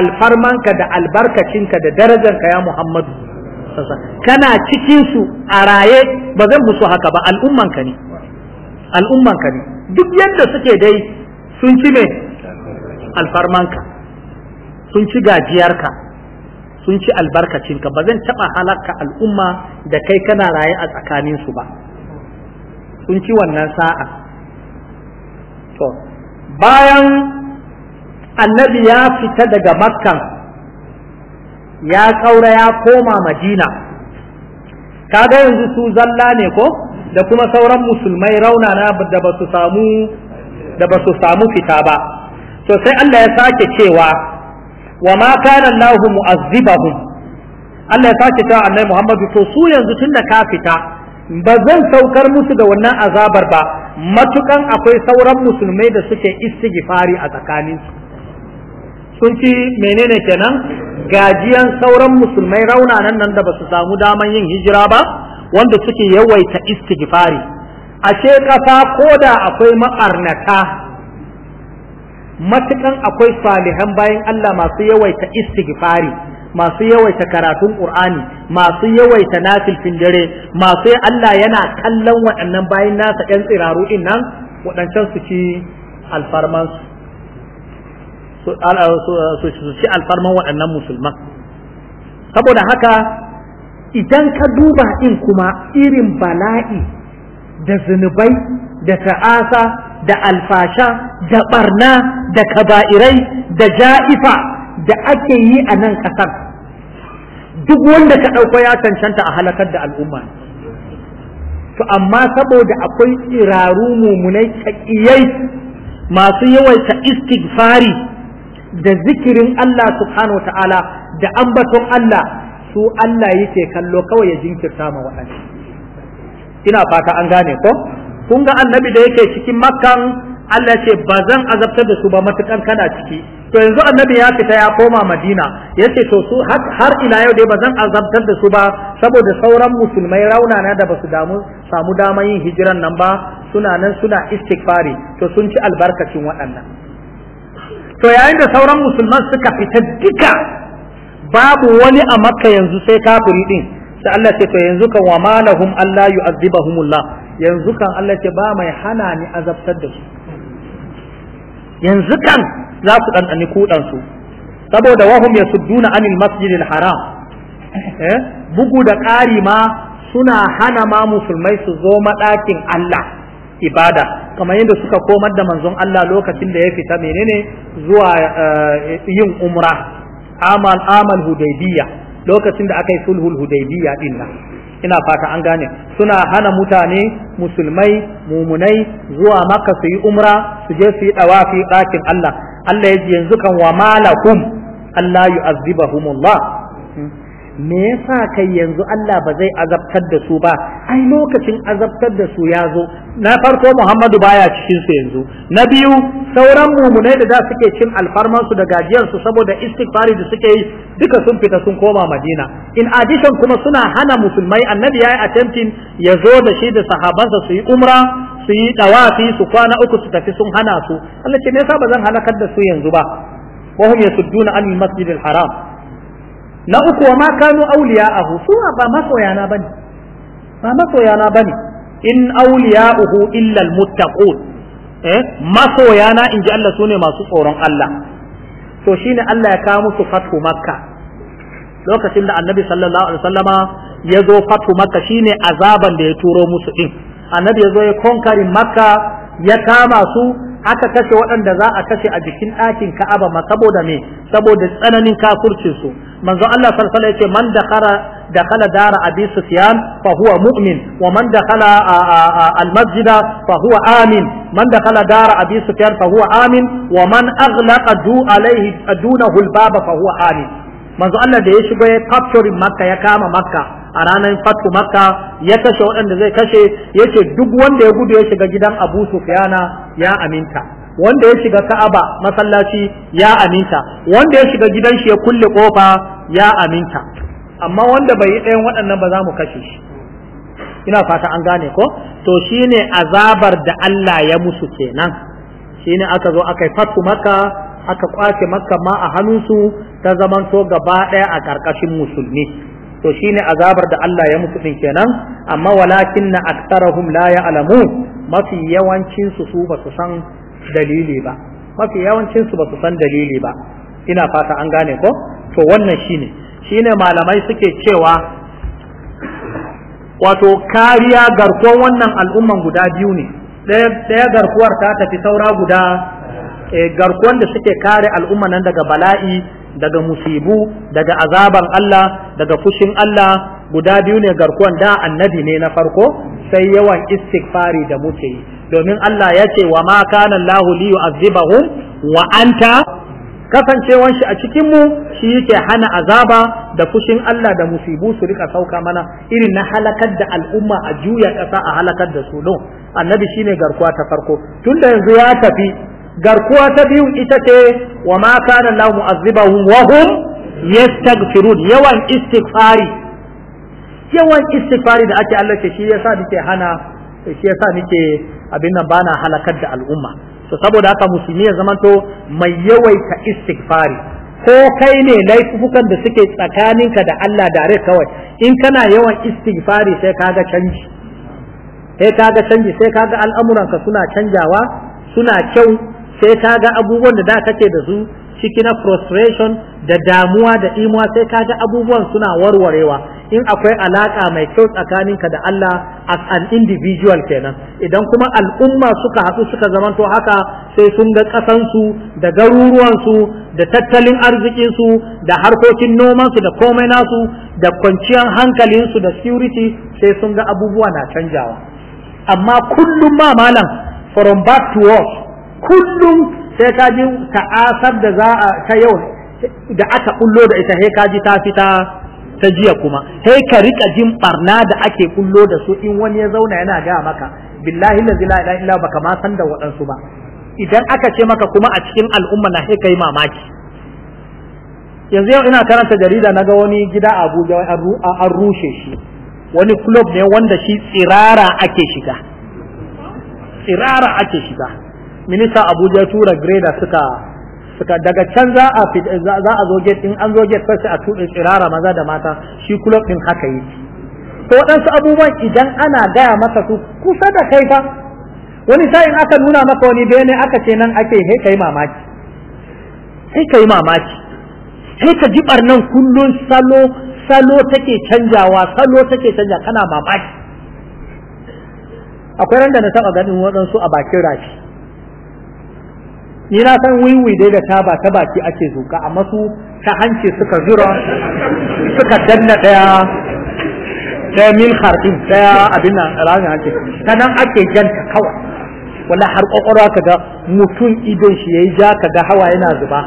alfarmanka da albarkacinka da darajanka ya Muhammadu kana cikin su a raye ba zan musu haka ba al'umman ka ne al'umman ka ne duk yadda suke dai sun ci me alfarmanka sun ci gajiyarka sun ci albarkacinka ba zan taɓa halaka al'umma da kai kana raye a tsakaninsu ba sun ci wannan sa'a to bayan annabi ya fita daga makkan ya ƙaura ya koma madina kaga yanzu su zalla ne ko da kuma sauran musulmai raunana da da ba su samu fita ba to sai Allah ya sake cewa wa ma kana Allahu mu'azzibahum Allah ya sake cewa annabi Muhammadu to su yanzu tunda ka fita ba zan saukar musu da wannan azabar ba matukan akwai sauran musulmai da suke istighfari a tsakaninsu sun ci menene kenan gajiyan sauran musulmai rauna nan nan da basu samu daman yin hijira ba wanda suke yawaita istighfari ashe kasa koda akwai ma'arnaka matukan akwai salihan bayan Allah masu yawaita istighfari masu yawaita karatun Qur'ani masu yawaita nafilfin dare masu Allah yana kallon waɗannan bayan nasa ɗan tsiraru nan waɗancan su ci alfarman su ci alfarman waɗannan musulman saboda haka idan ka duba in kuma irin bala'i da zunubai da ta'asa da alfasha da barna da kaba'irai da ja'ifa da ake yi a nan ƙasar duk wanda ka ɗauko ya cancanta a halakar da al'umma to amma saboda akwai tsiraru mumunai kakiyai masu yawaita istighfari da zikirin Allah subhanahu wa da ambaton Allah su Allah yake kallo kawai ya jinkirta ma waɗansu ina fata an gane ko kun ga annabi da yake cikin makkan Allah ce ba zan azabtar da su ba matukar kana ciki to yanzu annabi ya fita ya koma madina yace to su har ila yau dai ba zan azabtar da su ba saboda sauran musulmai raunana da basu damu samu damar yin hijiran nan ba suna nan suna istighfari to sun ci albarkacin waɗannan to yayin da sauran musulman suka fita duka babu wani a makka yanzu sai kafiri din sai Allah ce to yanzu kan wa malahum Allah yu'azzibahumullah yanzu kan Allah ce ba mai hana ni azabtar da su yanzu kan za su ɗanɗani kuɗansu saboda wahum ya sudduna anil masjidil haram eh, bugu da ƙari ma suna hana ma musulmai su zo maɗakin Allah ibada kamar yadda suka komar da manzon Allah lokacin da ya fita menene zuwa eh, yin umra amal amal hudaybiya lokacin da aka yi sulhul hudaybiya din nan ina fata an gane suna hana mutane musulmai mumunai zuwa makka su yi umra su je su yi dawafi ɗakin Allah Allah ya ji yanzu kan wa malakum Allah yu'azzibahumullah me yasa kai yanzu Allah ba zai azabtar da su ba ai lokacin azabtar da su ya zo na farko Muhammadu baya cikin su yanzu na biyu sauran mumunai da za suke cin alfarman su da gajiyar su saboda istighfari da suke yi duka sun fita sun koma Madina in addition kuma suna hana musulmai annabi yayi attempting ya zo da shi da sahabansa su yi umra su yi dawafi su kwana uku su tafi sun hana su Allah ce me yasa ba zan halakar da su yanzu ba wa hum yasudduna an masjidil haram na uku wa ma kanu awliya'ahu su ba masoyana bane ba masoyana bane in awliya'uhu illa almuttaqun eh masoyana inji Allah sune masu tsoron Allah to shine Allah ya kawo musu fathu makka lokacin da annabi sallallahu alaihi wasallama ya zo fathu makka shine azaban da ya turo musu din annabi ya zo ya konkari makka ya kama su aka kashe waɗanda za a kashe a jikin ɗakin Ka'aba ma saboda me saboda tsananin kafircin su manzo Allah sallallahu alaihi wasallam man dakara dakhala dara Abi Sufyan fa huwa mu'min wa man dakhala al-masjid fa huwa amin man dakhala dara Abi Sufyan fa huwa amin wa man aghlaqa du alaihi dunahu al-baba fa huwa amin manzo Allah da ya shigo ya capture Makka ya kama Makka a ranar fatu makka ya kashe waɗanda zai kashe yake duk wanda ya gudu ya shiga gidan abu Sufiyana ya aminta wanda ya shiga ka'aba masallaci ya aminta wanda ya shiga gidan shi ya kulle kofa ya aminta amma wanda bai yi ɗayan waɗannan ba za mu kashe shi ina fata an gane ko to shine azabar da Allah ya musu kenan shine aka zo aka yi fatu makka aka kwace makka ma a hannunsu ta zamanto gaba ɗaya a ƙarƙashin musulmi to shine azabar da Allah ya musu din kenan amma walakinna aktarahum la ya'lamu mafi yawancin su su ba su san dalili ba mafi yawancin su ba su san dalili ba ina fata an gane ko to wannan shine shine malamai suke cewa wato kariya garkuwar wannan al'umman guda biyu ne ɗaya garkuwar ta tafi saura guda eh, garkuwar da suke kare al'umma nan daga bala'i daga musibu daga azaban Allah daga fushin Allah guda biyu ne garkuwan da annabi ne na farko sai yawan istighfari da muke yi domin Allah ya ce wa ma kana Allah li yu'azzibahum wa anta kasancewan shi a cikin mu shi yake hana azaba da fushin Allah da musibu su rika sauka mana irin na halakar da al'umma a juya kasa a halakar da su don annabi shine garkuwa ta farko tunda yanzu ya tafi garkuwa ta biyu ita ce wa ma kana Allah mu'azzibahu wa hum yastaghfirun yawan istighfari yawan istighfari da ake Allah ce shi yasa nake hana shi yasa nake abin nan bana halakar da al'umma to saboda haka musulmi ya zamanto mai yawaita istighfari ko kai ne laifukan da suke tsakaninka da Allah dare kawai in kana yawan istighfari sai kaga canji sai kaga canji sai kaga al'amuranka suna canjawa suna kyau sai ka ga abubuwan da da kake da su ciki na frustration da damuwa da imuwa sai ka ga abubuwan suna warwarewa in akwai alaka mai kyau tsakaninka da Allah as an individual kenan idan kuma al'umma suka haɗu suka zamanto haka sai sun ga ƙasansu da garuruwansu da tattalin arzikinsu da harkokin nomansu da komai nasu da kwanciyar hankalinsu da security sai sun ga abubuwa na canjawa amma kullum ma malam from back to work. kullum sai ka ji ta'asar da za a ta yau da aka kullo da ita sai ka ji ta fita ta jiya kuma sai ka rika jin barna da ake kullo da su in wani ya zauna yana gaya maka billahi la ilaha illa baka ma san da waɗansu ba idan aka ce maka kuma a cikin al'umma na sai kai mamaki yanzu yau ina karanta jarida na ga wani gida a Abuja an rushe shi wani club ne wanda shi tsirara ake shiga tsirara ake shiga minista abuja tura greda suka suka daga can za a za a zo gate in an zo gate sai a tuɗe tsirara maza da mata shi club din haka yi to waɗansu abubuwan idan ana gaya masa su kusa da kai fa wani sa'in aka nuna maka wani bene aka ce nan ake he kai mamaki sai kai mamaki sai ka ji barnan kullun salo salo take canjawa salo take canja kana mamaki akwai randa na taɓa ganin wadansu a bakin rafi ni na san wiwi dai da taba ta baki ake zuka amma su ta hanci suka zura suka danna daya ta min harfin daya abin nan rami hanci ta nan ake janta kawai wala har kokorwa ka ga mutum idon shi yayi ja ka ga hawa yana zuba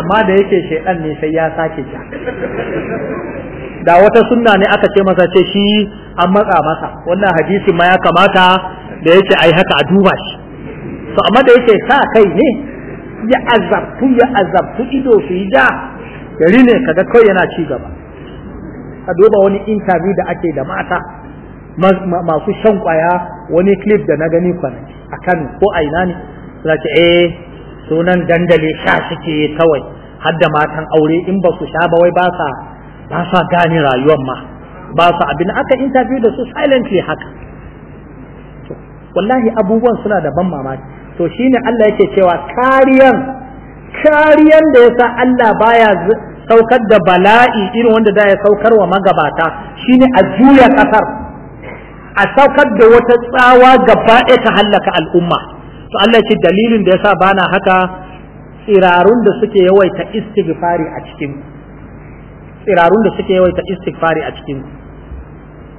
amma da yake shedan ne sai ya sake ja da wata sunna ne aka ce masa ce shi an matsa masa wannan hadisi ma ya kamata da yake ai haka a duba shi to amma da yake sa kai ne ya azabtu ya azabtu ido su yi da gari ne kaga kawai yana ci gaba ka duba wani interview da ake da mata masu shan kwaya wani clip da na gani kwana a Kano ko a ina ne suna ce eh sunan dandali sha suke kawai har da matan aure in ba su sha ba wai ba sa ba sa gane rayuwar ma ba sa abin aka interview da su silently haka wallahi abubuwan suna da ban mamaki to shine Allah yake cewa kariyan kariyan da ya sa Allah baya saukar da bala'i irin wanda da ya saukar wa magabata shine a juya kasar a saukar da wata tsawa gaba ɗaya ta hallaka al'umma to Allah ce dalilin da yasa bana haka tsirarun da suke yawaita istighfari a cikin tsirarun da suke yawaita istighfari a cikin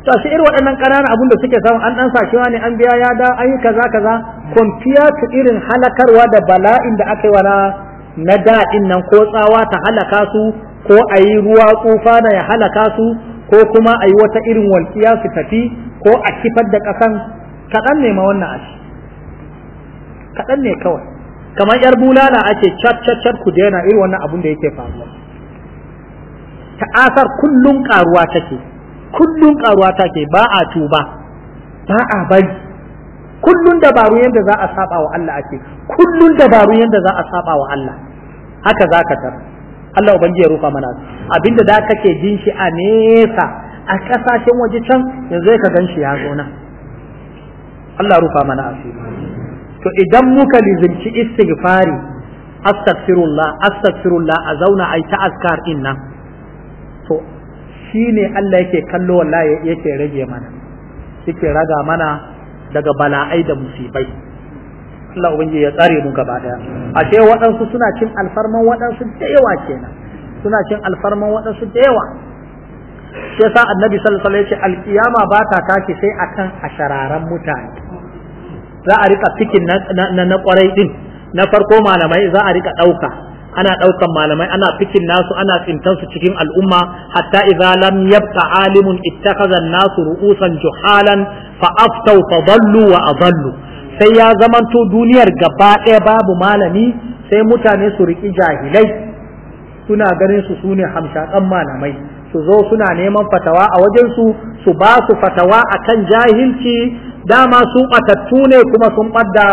to shi irin waɗannan ƙananan abun da suke samu an ɗan sakewa ne an biya ya da an yi kaza kaza kwamfiya su irin halakarwa da bala'in da aka yi wa na daɗin nan ko tsawa ta halaka su ko a yi ruwa tsufa da ya halaka su ko kuma a yi wata irin walƙiya su tafi ko a kifar da ƙasan kaɗan ne ma wannan ashi kaɗan ne kawai kamar yar bulala ake cat cat cat ku daina irin wannan abun da yake faruwa ta'asar kullum ƙaruwa take kullun karuwa take ba a tuba ba a bari kullun dabaru yadda za a saba wa Allah ake kullun dabaru yadda za a saba wa Allah haka za ka tar Allah ubangi ya rufa mana abinda da kake jin shi a nesa a kasashen waje can yanzu ka gan shi ya zo nan Allah rufa mana asiri to idan muka lizinci istighfari astaghfirullah astaghfirullah a zauna ai ta azkar inna to shi ne Allah yake kallo wallahi yake rage mana yake raga mana daga bala'ai da musibai Allah ubangiji ya tsare mu gaba daya ce waɗansu suna cin alfarman waɗansu da yawa kenan suna cin alfarman waɗansu da yawa shi yasa annabi sallallahu alaihi wasallam alkiyama ba ta tashi sai akan ashararan mutane za a rika fikin na na kwarai din na farko malamai za a rika ɗauka ana ɗaukan malamai ana fikin nasu ana tsintan su cikin al'umma hatta idza lam yabqa alimun ittakhadha nasu ru'usan juhalan fa aftau fa dallu wa adallu sai ya zamanto duniyar gaba ɗaya babu malami sai mutane su riƙi jahilai suna ganin su sune hamshakan malamai su zo suna neman fatawa a wajen su su ba su fatawa akan jahilci dama su ɓatattu ne kuma sun ɓadda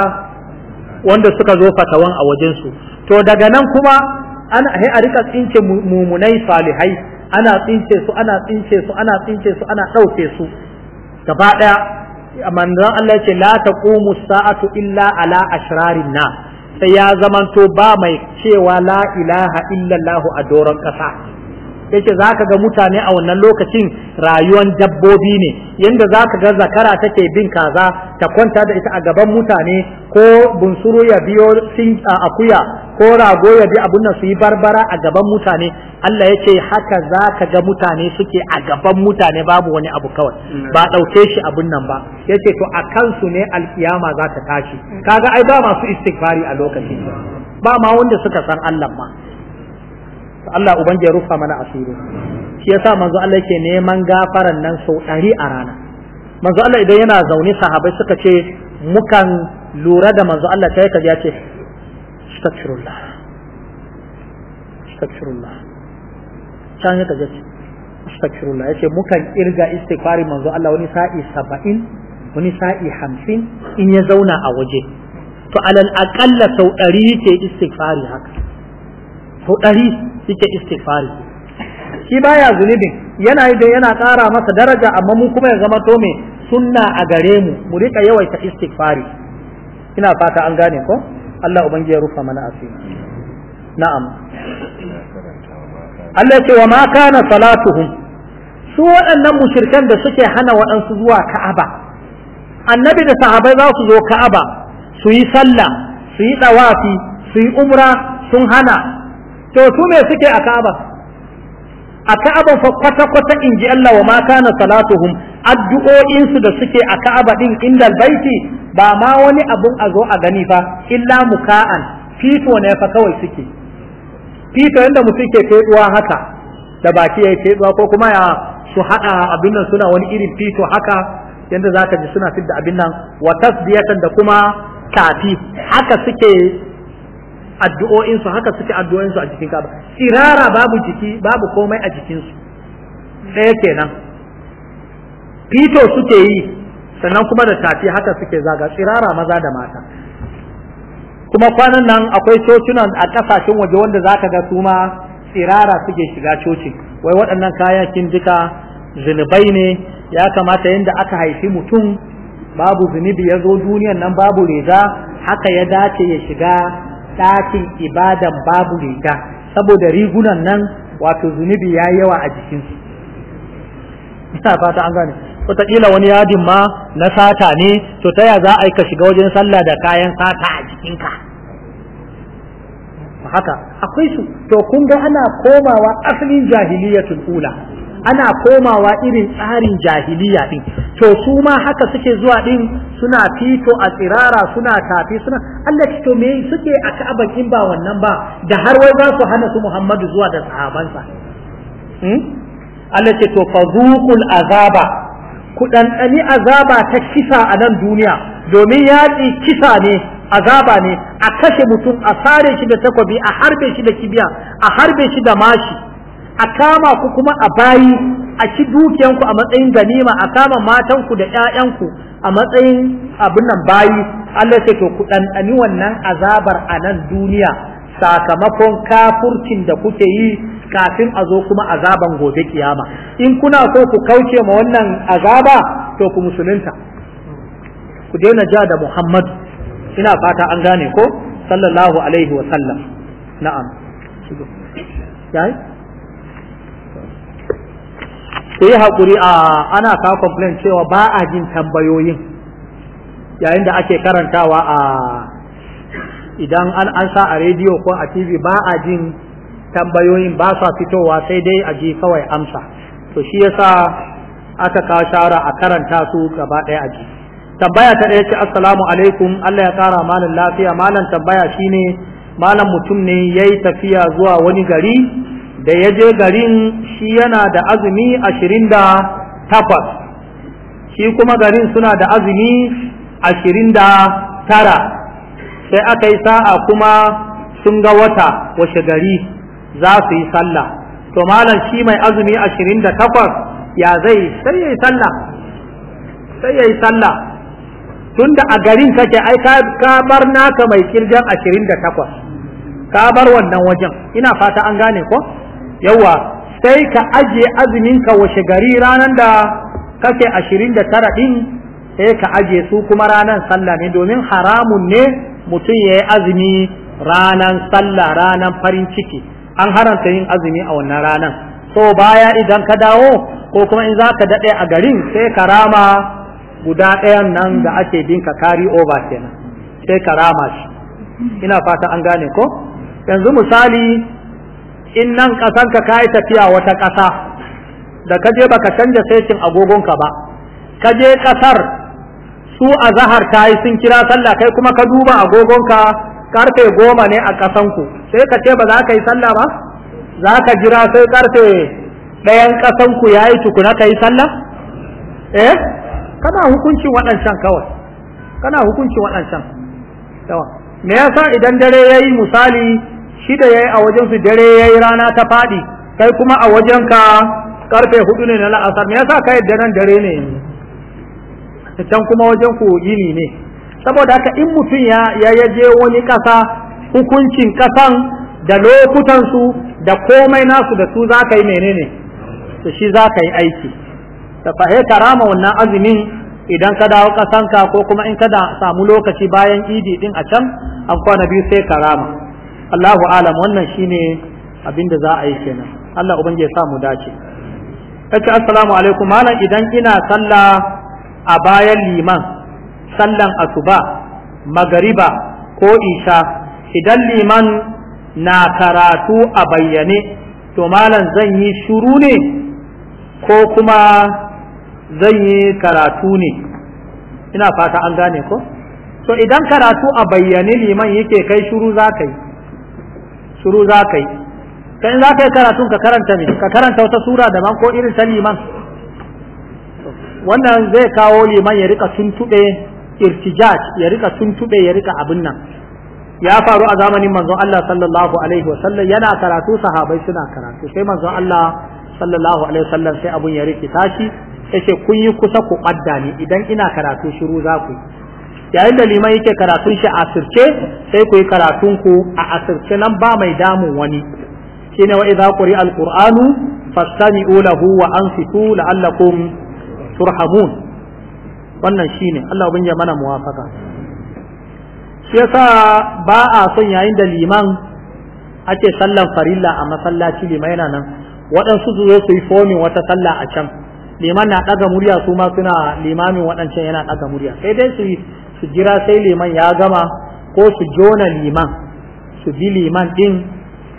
wanda suka zo fatawan a wajen su. to daga nan kuma ana a rika tsince mumunai salihai ana tsince su ana tsince su ana tsince su ana ɗauke su gaba ɗaya manzon Allah ce la taqumu sa'atu illa ala ashrarin na sai ya zamanto ba mai cewa la ilaha illallah a doron ƙasa yace za ka ga mutane a wannan lokacin rayuwan dabbobi ne yadda za ka ga zakara take bin kaza ta kwanta da ita a gaban mutane ko bunsuru ya biyo akuya ko rago ya bi abun nan su yi barbara a gaban mutane Allah ya ce haka za ka ga mutane suke a gaban mutane babu wani abu kawai ba ɗauke shi abun nan ba ya ce to a kansu ne alkiyama za ta tashi kaga ai ba masu istighfari a lokacin ba ma wanda suka san Allah ma to Allah ubangiji ya rufa mana asiri shi yasa manzo Allah yake neman gafaran nan sau ɗari a rana manzo Allah idan yana zaune sahabai suka ce mukan lura da manzo Allah sai kaji ya ce astaghfirullah astaghfirullah can ya kaji astaghfirullah yace mukan irga istighfari manzo Allah wani sa'i 70 wani sa'i 50 in ya zauna a waje to alal aqalla sau ɗari yake istighfari haka sau ɗari. suke istighfari shi baya zunubin yana yi da yana ƙara masa daraja amma mu kuma ya zama to sunna a gare mu mu rika yawaita istighfari ina fata an gane ko Allah ubangi ya rufa mana asiri na'am Allah ce wa ma kana salatuhum su waɗannan mushrikan da suke hana waɗansu zuwa Ka'aba annabi da sahabbai za su zo Ka'aba su yi sallah su yi dawafi su yi umra sun hana to su me suke a Ka'aba a Ka'aba fa kwata kwata in Allah wa ma kana salatuhum addu'o'in su da suke a Ka'aba din inda baiti ba ma wani abun a zo a gani fa illa muka'an fito ne fa kawai suke fito yanda mu suke feduwa haka da baki yayi feduwa ko kuma ya su hada abin nan suna wani irin fito haka yanda zaka ji suna fidda abin nan wa tasbiyatan da kuma tafi haka suke addu'o'insu haka suke addu'o'insu a cikin kaba tsirara babu jiki babu komai a jikinsu ɗaya kenan fito suke yi sannan kuma da tafi haka suke zaga tsirara maza da mata kuma kwanan nan akwai cocinan a ƙasashen waje wanda zaka ga su ma tsirara suke shiga cocin wai waɗannan kayakin duka zunubai ne ya kamata yadda aka haifi mutum babu zunubi ya zo duniyan nan babu riga haka ya dace ya shiga ɗakin ibadan babu riga saboda rigunan nan wato zunubi ya yawa a jikinsu ina fata an gane wataƙila wani yadin ma na sata ne to ta ya za a ka shiga wajen sallah da kayan sata a jikinka haka akwai su to kun ga ana komawa asalin jahiliyatul ula ana komawa irin tsarin jahiliya din to su ma haka suke zuwa din suna fito a tsirara suna tafi suna Allah to me suke aka abakin ba wannan ba da har wai za su hana su Muhammadu zuwa da sahabansa hmm? Allah ce to fadhuqul azaba ku ɗanɗani azaba ta kisa a nan duniya domin yaƙi kisa ne azaba ne a kashe mutum a sare shi da takobi a harbe shi da kibiya a harbe shi da mashi a kama ku kuma a bayi a ci dukiyanku a matsayin ganima a kama matanku da ƴaƴanku a matsayin abin nan bayi Allah sai to ku ɗanɗani wannan azabar a nan duniya sakamakon kafurcin da kuke yi kafin a zo kuma azaban gobe kiyama in kuna so ku kauce ma wannan azaba to ku musulunta ku daina ja da Muhammad ina fata an gane ko sallallahu alaihi wa sallam na'am yayi sai yi haƙuri a ana ka complain cewa ba a jin tambayoyin yayin da ake karantawa a idan an an sa a rediyo ko a tv ba a jin tambayoyin ba sa fitowa sai dai a ji kawai amsa to shi yasa aka kawo shawara a karanta su gaba ɗaya a ji tambaya ta ɗaya ce assalamu alaikum Allah ya ƙara malam lafiya malam tambaya shine malam mutum ne yayi tafiya zuwa wani gari da ya je garin shi yana da azumi ashirin da takwas shi kuma garin suna da azumi ashirin da tara sai aka yi sa'a kuma sun ga wata washe gari za su yi sallah to malam shi mai azumi ashirin da takwas ya zai sai ya yi sallah sai ya yi sallah tun da a garin kake ai ka bar naka mai kirjan ashirin da takwas ka bar wannan wajen ina fata an gane ko yawa sai ka ajiye azuminka washe gari ranar da kake ashirin da tara ɗin sai ka ajiye su kuma ranar sallah ne domin haramun ne mutum ya yi azumi ranar sallah ranar farin ciki an haramta yin azumi a wannan ranar so baya idan ka dawo ko kuma in za ka daɗe a garin sai ka rama guda ɗayan nan da ake binka kari over kenan sai ka rama shi ina fata an gane ko yanzu misali in nan ƙasanka ka yi tafiya wata ƙasa da ka je baka canja saitin agogonka ba ka je ƙasar su a zahar ta yi sun kira sallah kai kuma ka duba agogonka karfe goma ne a ƙasanku sai ka ce ba za ka yi sallah ba za ka jira sai karfe ɗayan ƙasanku ya yi tukuna ka yi sallah eh kana hukuncin waɗancan kawai kana hukuncin waɗancan yawa me yasa idan dare ya yi misali Shi shida yi a wajen su dare yayi rana ta faɗi, kai kuma a wajen ka karfe hudu ne na la'asar me yasa kai nan dare ne can kuma wajen ku yini ne saboda haka in mutum ya ya je wani kasa hukuncin kasan da lokutan su da komai nasu da su za ka yi menene to shi za ka yi aiki da fahe karama wannan azumin idan ka dawo kasanka ko kuma in ka da samu lokaci bayan idi din a can an kwana biyu sai karama Allahu alam wannan shine abinda za a yi kenan Allah ubangi ya sa mu dace kace assalamu alaikum malam idan ina sallah a bayan liman sallan asuba magariba ko isha idan liman na karatu a bayyane to malam zan yi shuru ne ko kuma zan yi karatu ne ina fata an gane ko to idan karatu a bayyane liman yake kai shuru za ka yi Shuru za ka yi ka sai za ka yi karatun ka karanta ne ka karanta wata sura daban ko irin ta liman wannan zai kawo liman ya rika tuntuɓe irtijaj ya rika tuntuɓe ya rika abin nan ya faru a zamanin manzon Allah sallallahu alaihi wa sallam yana karatu sahabai suna karatu sai manzon Allah sallallahu alaihi wa sallam sai abun ya rikita shi yace kun yi kusa ku ɓadda ni idan ina karatu shuru za ku yi yayin da liman yake karatun shi a asirce sai ku yi karatun ku a asirce nan ba mai damun wani shine wa idza quri alquranu fastami'u lahu wa ansitu la'allakum turhamun wannan shine Allah ubin ya mana muwafaka shi yasa ba a son yayin da liman ake sallan farilla a masallaci liman yana nan waɗansu su zo su yi fomin wata sallah a can liman na ɗaga murya su ma suna limamin waɗancan yana ɗaga murya sai dai su yi su jira sai liman ya gama ko su jona liman su bi liman din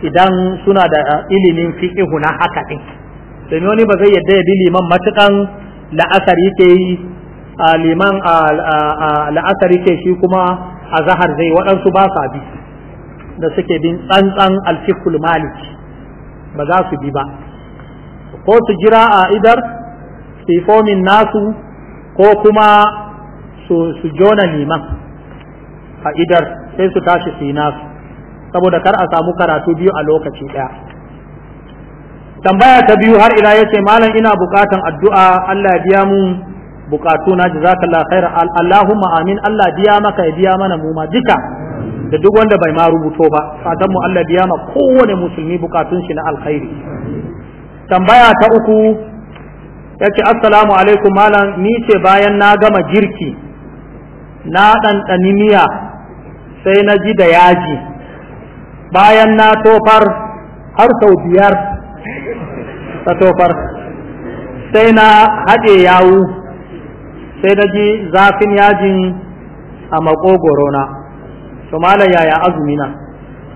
idan suna da ilimin fiqihu na haka din domin wani ba zai yadda ya bi liman matukan la'asari ke yi a liman la'asari ke shi kuma a zahar zai waɗansu ba sa bi da suke bin tsantsan alfikul maliki ba za su bi ba ko su jira a idar sifomin nasu ko kuma su jona liman a idar sai su tashi su yi nasu saboda kar a samu karatu biyu a lokaci ɗaya tambaya ta biyu har ila yace malam ina bukatan addu'a Allah ya biya mu bukatuna jazakallahu khairan Allahumma amin Allah biya maka ya biya mana mu ma duka da duk wanda bai ma rubuto ba fatan mu Allah biya ma kowane musulmi bukatun shi na alkhairi tambaya ta uku yace assalamu alaikum malam ni ce bayan na gama girki na ɗanɗani miya sai na ji da yaji bayan na tofar har sau biyar ta tofar sai na haɗe yawu sai na ji zafin yajin a makogorona na. mala yaya azumina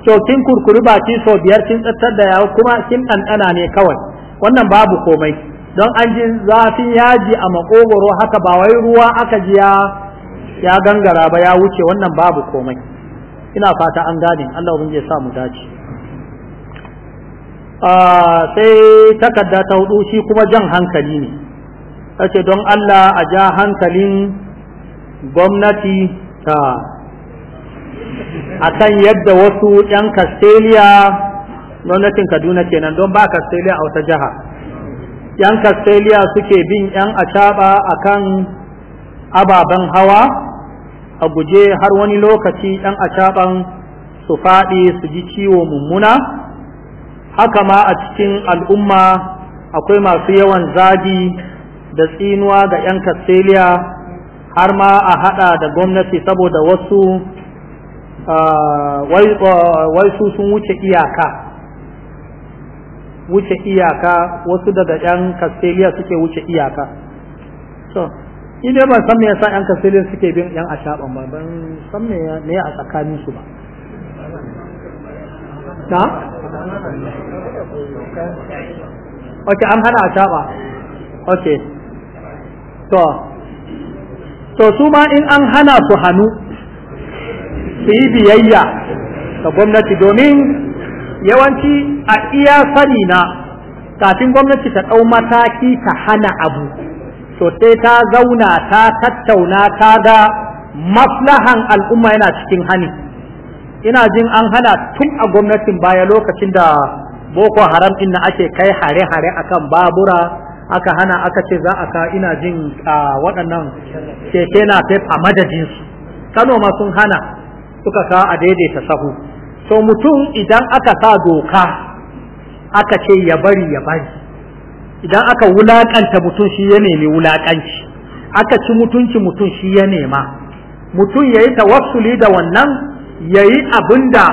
to kin kurkuri baki sau biyar kin tsattar da yawu kuma kin ɗanɗana ne kawai wannan babu komai don an ji zafin yaji a makogoro haka ba wai ruwa aka jiya? ya gangara ba ya wuce wannan babu komai ina fata an gane Allah ubangi ya sa mu dace ah, sai takarda ta hudu shi kuma jan hankali ne ce don Allah a ja hankalin gwamnati ta akan yadda wasu 'yan Castelia gwamnatin Kaduna kenan don ba Castelia a wata jiha 'yan Castelia suke bin 'yan acaba akan ababen hawa a guje har wani lokaci ɗan acaɓan su faɗi su ji ciwo mummuna haka ma a cikin al'umma akwai masu yawan zagi da tsinuwa ga 'yan Kasteliya har ma a haɗa da gwamnati saboda wasu wai sun wuce iyaka wuce iyaka wasu daga 'yan kastiliya suke wuce iyaka so ni dai ban san me yasa yan kasilin suke bin yan ashaban ba ban san me ne a tsakanin su ba ta okay an hana ashaba okay to to su ma in an hana su hannu su yi biyayya ga gwamnati domin yawanci a iya sani na kafin gwamnati ta ɗau mataki ta hana abu to sai ta zauna ta tattauna ta ga maslahan al'umma yana cikin hani ina jin an hana tun a gwamnatin baya lokacin da boko haram din na ake kai hare-hare akan babura aka hana aka ce za a ka ina jin waɗannan keke na fef a su kano ma sun hana suka ka a daidaita sahu to mutum idan aka sa doka aka ce ya bari ya bari idan aka wulakanta mutum shi ya nemi wulakanci aka ci mutunci mutum shi ya nema mutum ya yi tawassuli da wannan ya yi abin da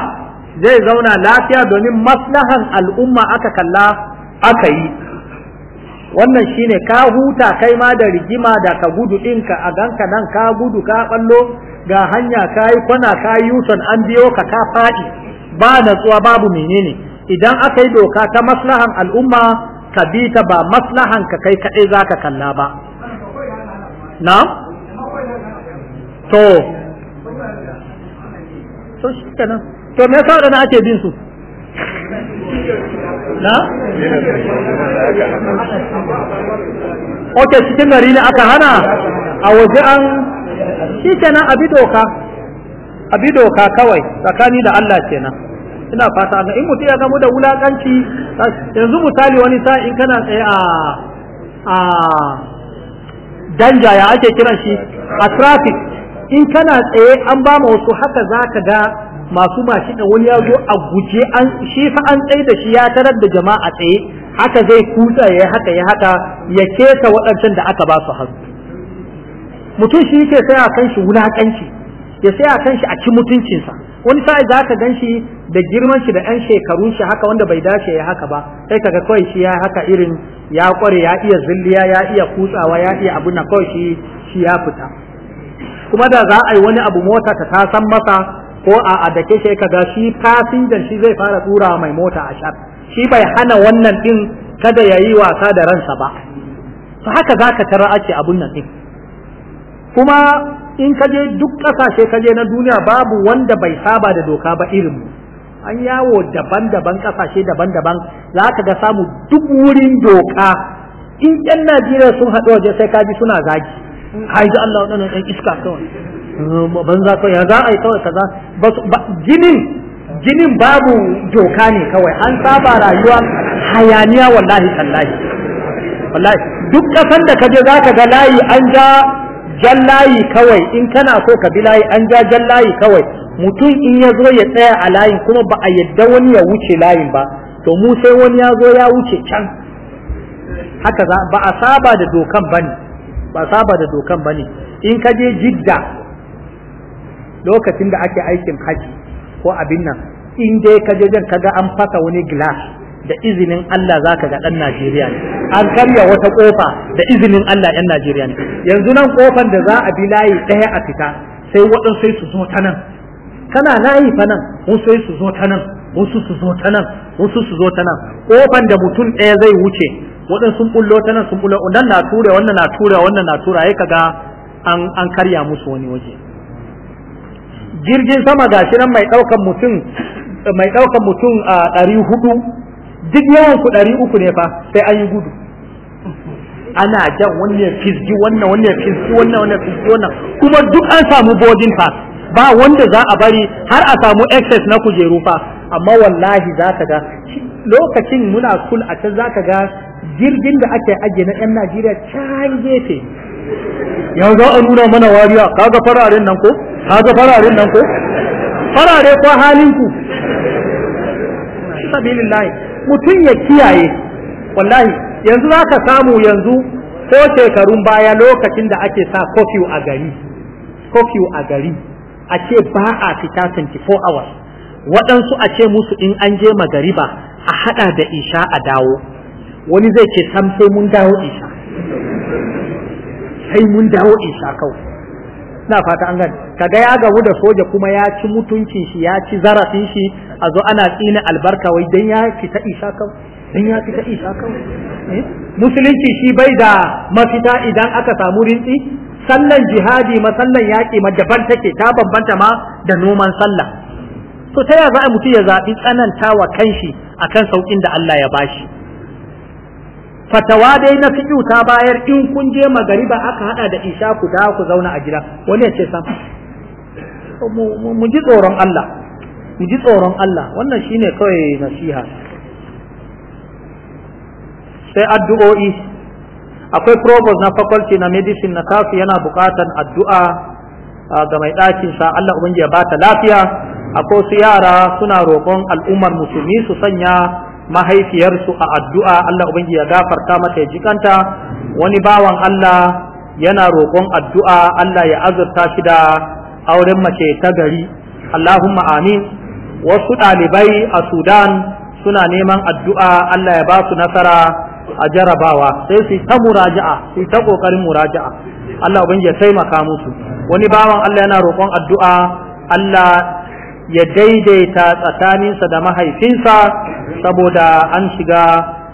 zai zauna lafiya domin maslahan al'umma aka kalla aka yi wannan shine ka huta kai ma da rigima da ka gudu ɗinka a ganka nan ka gudu ka ɓallo ga hanya ka yi kwana ka yi yuton an biyo ka ka faɗi ba natsuwa babu menene idan aka yi doka ta maslahan al'umma ka bi ta ba maslahan ka kai kaɗai za ka kalla ba na? to so shi kenan to me yasa waɗanda ake bin su na? ok cikin gari ne aka hana a waje an shi kenan abi doka abi doka kawai tsakani da Allah kenan ina fata ga in mutum ya gamu da wulakanci yanzu misali wani sa in kana tsaye a a danja ya ake kiran shi a traffic in kana tsaye an ba ma wasu haka zaka ga masu mashi da wani ya zo a guje an shi fa an tsaye da shi ya tarar da jama'a tsaye haka zai kuta ya haka ya haka ya keta waɗancan da aka ba su hannu mutum shi yake sai a kan shi wulakanci ya sai a kan shi a ci mutuncinsa wani sa'i za ka gan shi da girman shi da yan shekarun shi haka wanda bai dace ya haka ba sai kaga kawai shi ya haka irin ya kware ya iya zilliya ya iya kutsawa ya iya abu na kawai shi shi ya fita kuma da za a yi wani abu mota ta ta san masa ko a adake shi kaga shi fasinjan shi zai fara tura mai mota a shar shi bai hana wannan din kada ya yi wasa da ransa ba to haka za ka tara ake abun nan din kuma in ka je duk ƙasashe ka je na duniya babu wanda bai saba da doka ba irinmu an yawo daban-daban ƙasashe daban-daban za ka ga samu duk wurin doka in ƴan Najeriya sun haɗu waje sai kaji suna zagi haizu Allah waɗannan ɗan iska kawai ban za ka za a yi kawai kaza Ginin jinin babu doka ne kawai an saba rayuwa hayaniya wallahi tallahi wallahi duk ƙasan da ka je za ka ga layi an ja jallayi kawai in kana so ka bi layi an ja jallayi kawai mutum in ya zo ya tsaya a layin kuma ba a yadda wani ya wuce layin ba to mu sai wani ya zo ya wuce can haka za ba a saba da dokan bane ba a saba da dokan bane in ka je jidda lokacin da ake aikin haji ko abin nan in dai ka je kaga an fasa wani glass da izinin Allah za ka ga ɗan Najeriya ne an karya wata ƙofa da izinin Allah ɗan Najeriya ne yanzu nan ƙofan da za a bi layi ɗaya a fita sai waɗansu su zo ta nan kana layi fa nan wasu sai su zo ta nan wasu su zo ta nan wasu su zo ta nan ƙofan da mutum ɗaya zai wuce waɗansu sun ɓullo ta nan sun bullo wannan na tura wannan na tura wannan na tura ya kaga an an karya musu wani waje jirgin sama gashi nan mai ɗaukan mutum mai ɗaukan mutum a ɗari hudu duk yawan ku ɗari uku ne fa sai an yi gudu ana jan wani ya fizgi wannan wani ya fizgi wannan wani ya fizgi wannan kuma duk an samu boarding pass ba wanda za a bari har a samu access na kujeru fa amma wallahi za ka ga lokacin muna kul a can za ka ga jirgin da ake ajiye na 'yan Najeriya can gefe yanzu a nuna mana wariya kaga fararen nan ko kaga fararen nan ko farare ko halinku sabilillahi mutum ya kiyaye wallahi yanzu za ka samu yanzu ko shekarun baya lokacin da ake sa kofiyu a gari kofiyu a gari a ce ba a fita 24 hours waɗansu a ce musu in an je magariba a haɗa da isha a dawo wani zai ce sam sai mun dawo isha sai mun dawo isha kawai na fata an gani kaga ya gabu da soja kuma ya ci mutuncin shi ya ci zarafin shi a zo ana tsina albarka wai dan ya fita isha kan dan ya fita isa kan eh? musulunci shi bai da mafita idan aka samu rintsi sallan jihadi ma sallan yaƙi ma daban take ta bambanta ma da noman sallah to ta ya za a mutu ya zaɓi tsananta wa kanshi akan sauƙin da Allah ya bashi fatawa dai na fiƙu ta bayar in kun je magariba aka hada da isha ku ku zauna a gida wani ya ce sam mu ji tsoron Allah mu ji tsoron Allah wannan shine kawai nasiha sai addu'o'i akwai provost na faculty na medicine na kasu yana buƙatar addu'a ah, ga mai ɗakin sa Allah ubangiji ya bata lafiya akwai su yara suna roƙon al'ummar musulmi su sanya mahaifiyarsu a addu'a Allah ubangi ya gafarta mata ya jikanta wani bawan Allah yana roƙon addu'a Allah ya azurta shi da auren mace ta gari Allahumma amin wasu ɗalibai a Sudan suna neman addu'a Allah ya ba su nasara a jarabawa sai su ta muraja'a su ta ƙoƙarin muraja'a Allah ubangi ya taimaka musu wani bawan Allah yana roƙon addu'a Allah ya daidaita tsakaninsa da mahaifinsa saboda an shiga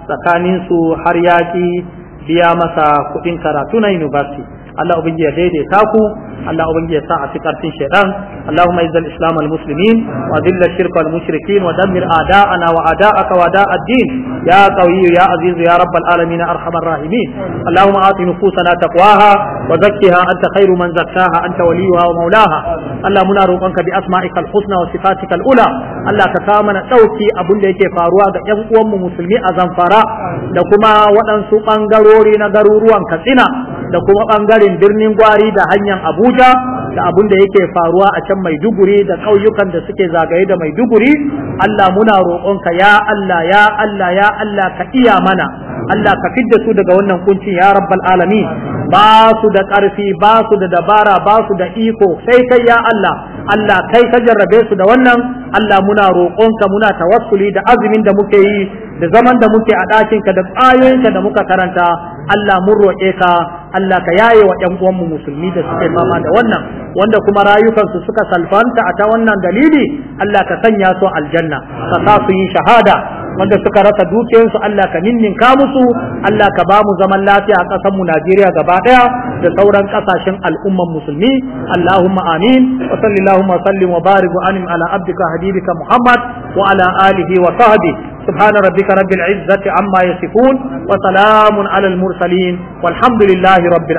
tsakaninsu har yaƙi biya masa kuɗin karatu na university Allah ubangiji ya daidaita ku Allah ubangiji ya sa a fi karfin shaitan Allahumma izzal islam al muslimin wa dhilla shirka al mushrikin wa dammir a'da'ana wa a'da'aka wa da'a ad-din ya qawi ya aziz ya rabbal alamin arhamar rahimin Allahumma ati nufusana taqwaha wa zakkiha anta khairu man zakkaha anta waliyuha wa maulaha Allah muna roƙonka bi asma'ika al husna wa sifatika al ula Allah ka sa mana dauki abun da yake faruwa ga ƴan uwanmu musulmi a zamfara da kuma waɗansu ɓangarori na garuruwan katsina da kuma bangaren birnin gwari da hanyar abuja da abun da yake faruwa a can maiduguri da ƙauyukan da suke zagaye da maiduguri allah muna roƙonka ya allah ya allah ya allah ka iya mana allah ka fidda su daga wannan kuncin ya rabbal alamin ba su da ƙarfi ba su da dabara ba su da iko sai kai ya Allah Allah kai ka jarrabe su da wannan Allah muna roƙonka muna tawassuli da azumin da muke yi da zaman da muke a ɗakinka da ayoyinka da muka karanta Allah mun roƙe ka Allah ka yaye wa ƴan uwanmu musulmi da suke fama da wannan wanda kuma rayukansu suka salfanta a ta wannan dalili Allah ka sanya su aljanna ka sa su yi shahada wanda suka rasa dukiyarsu Allah ka ninninka musu Allah ka ba mu zaman lafiya a ƙasar mu Najeriya gaba daya da sauran kasashen al'umman musulmi Allahumma amin wa sallallahu wa sallim wa barik wa anim ala abdika habibika Muhammad wa ala alihi wa sahbihi سبحان ربك رب العزة عما يصفون وسلام على المرسلين والحمد لله رب العالمين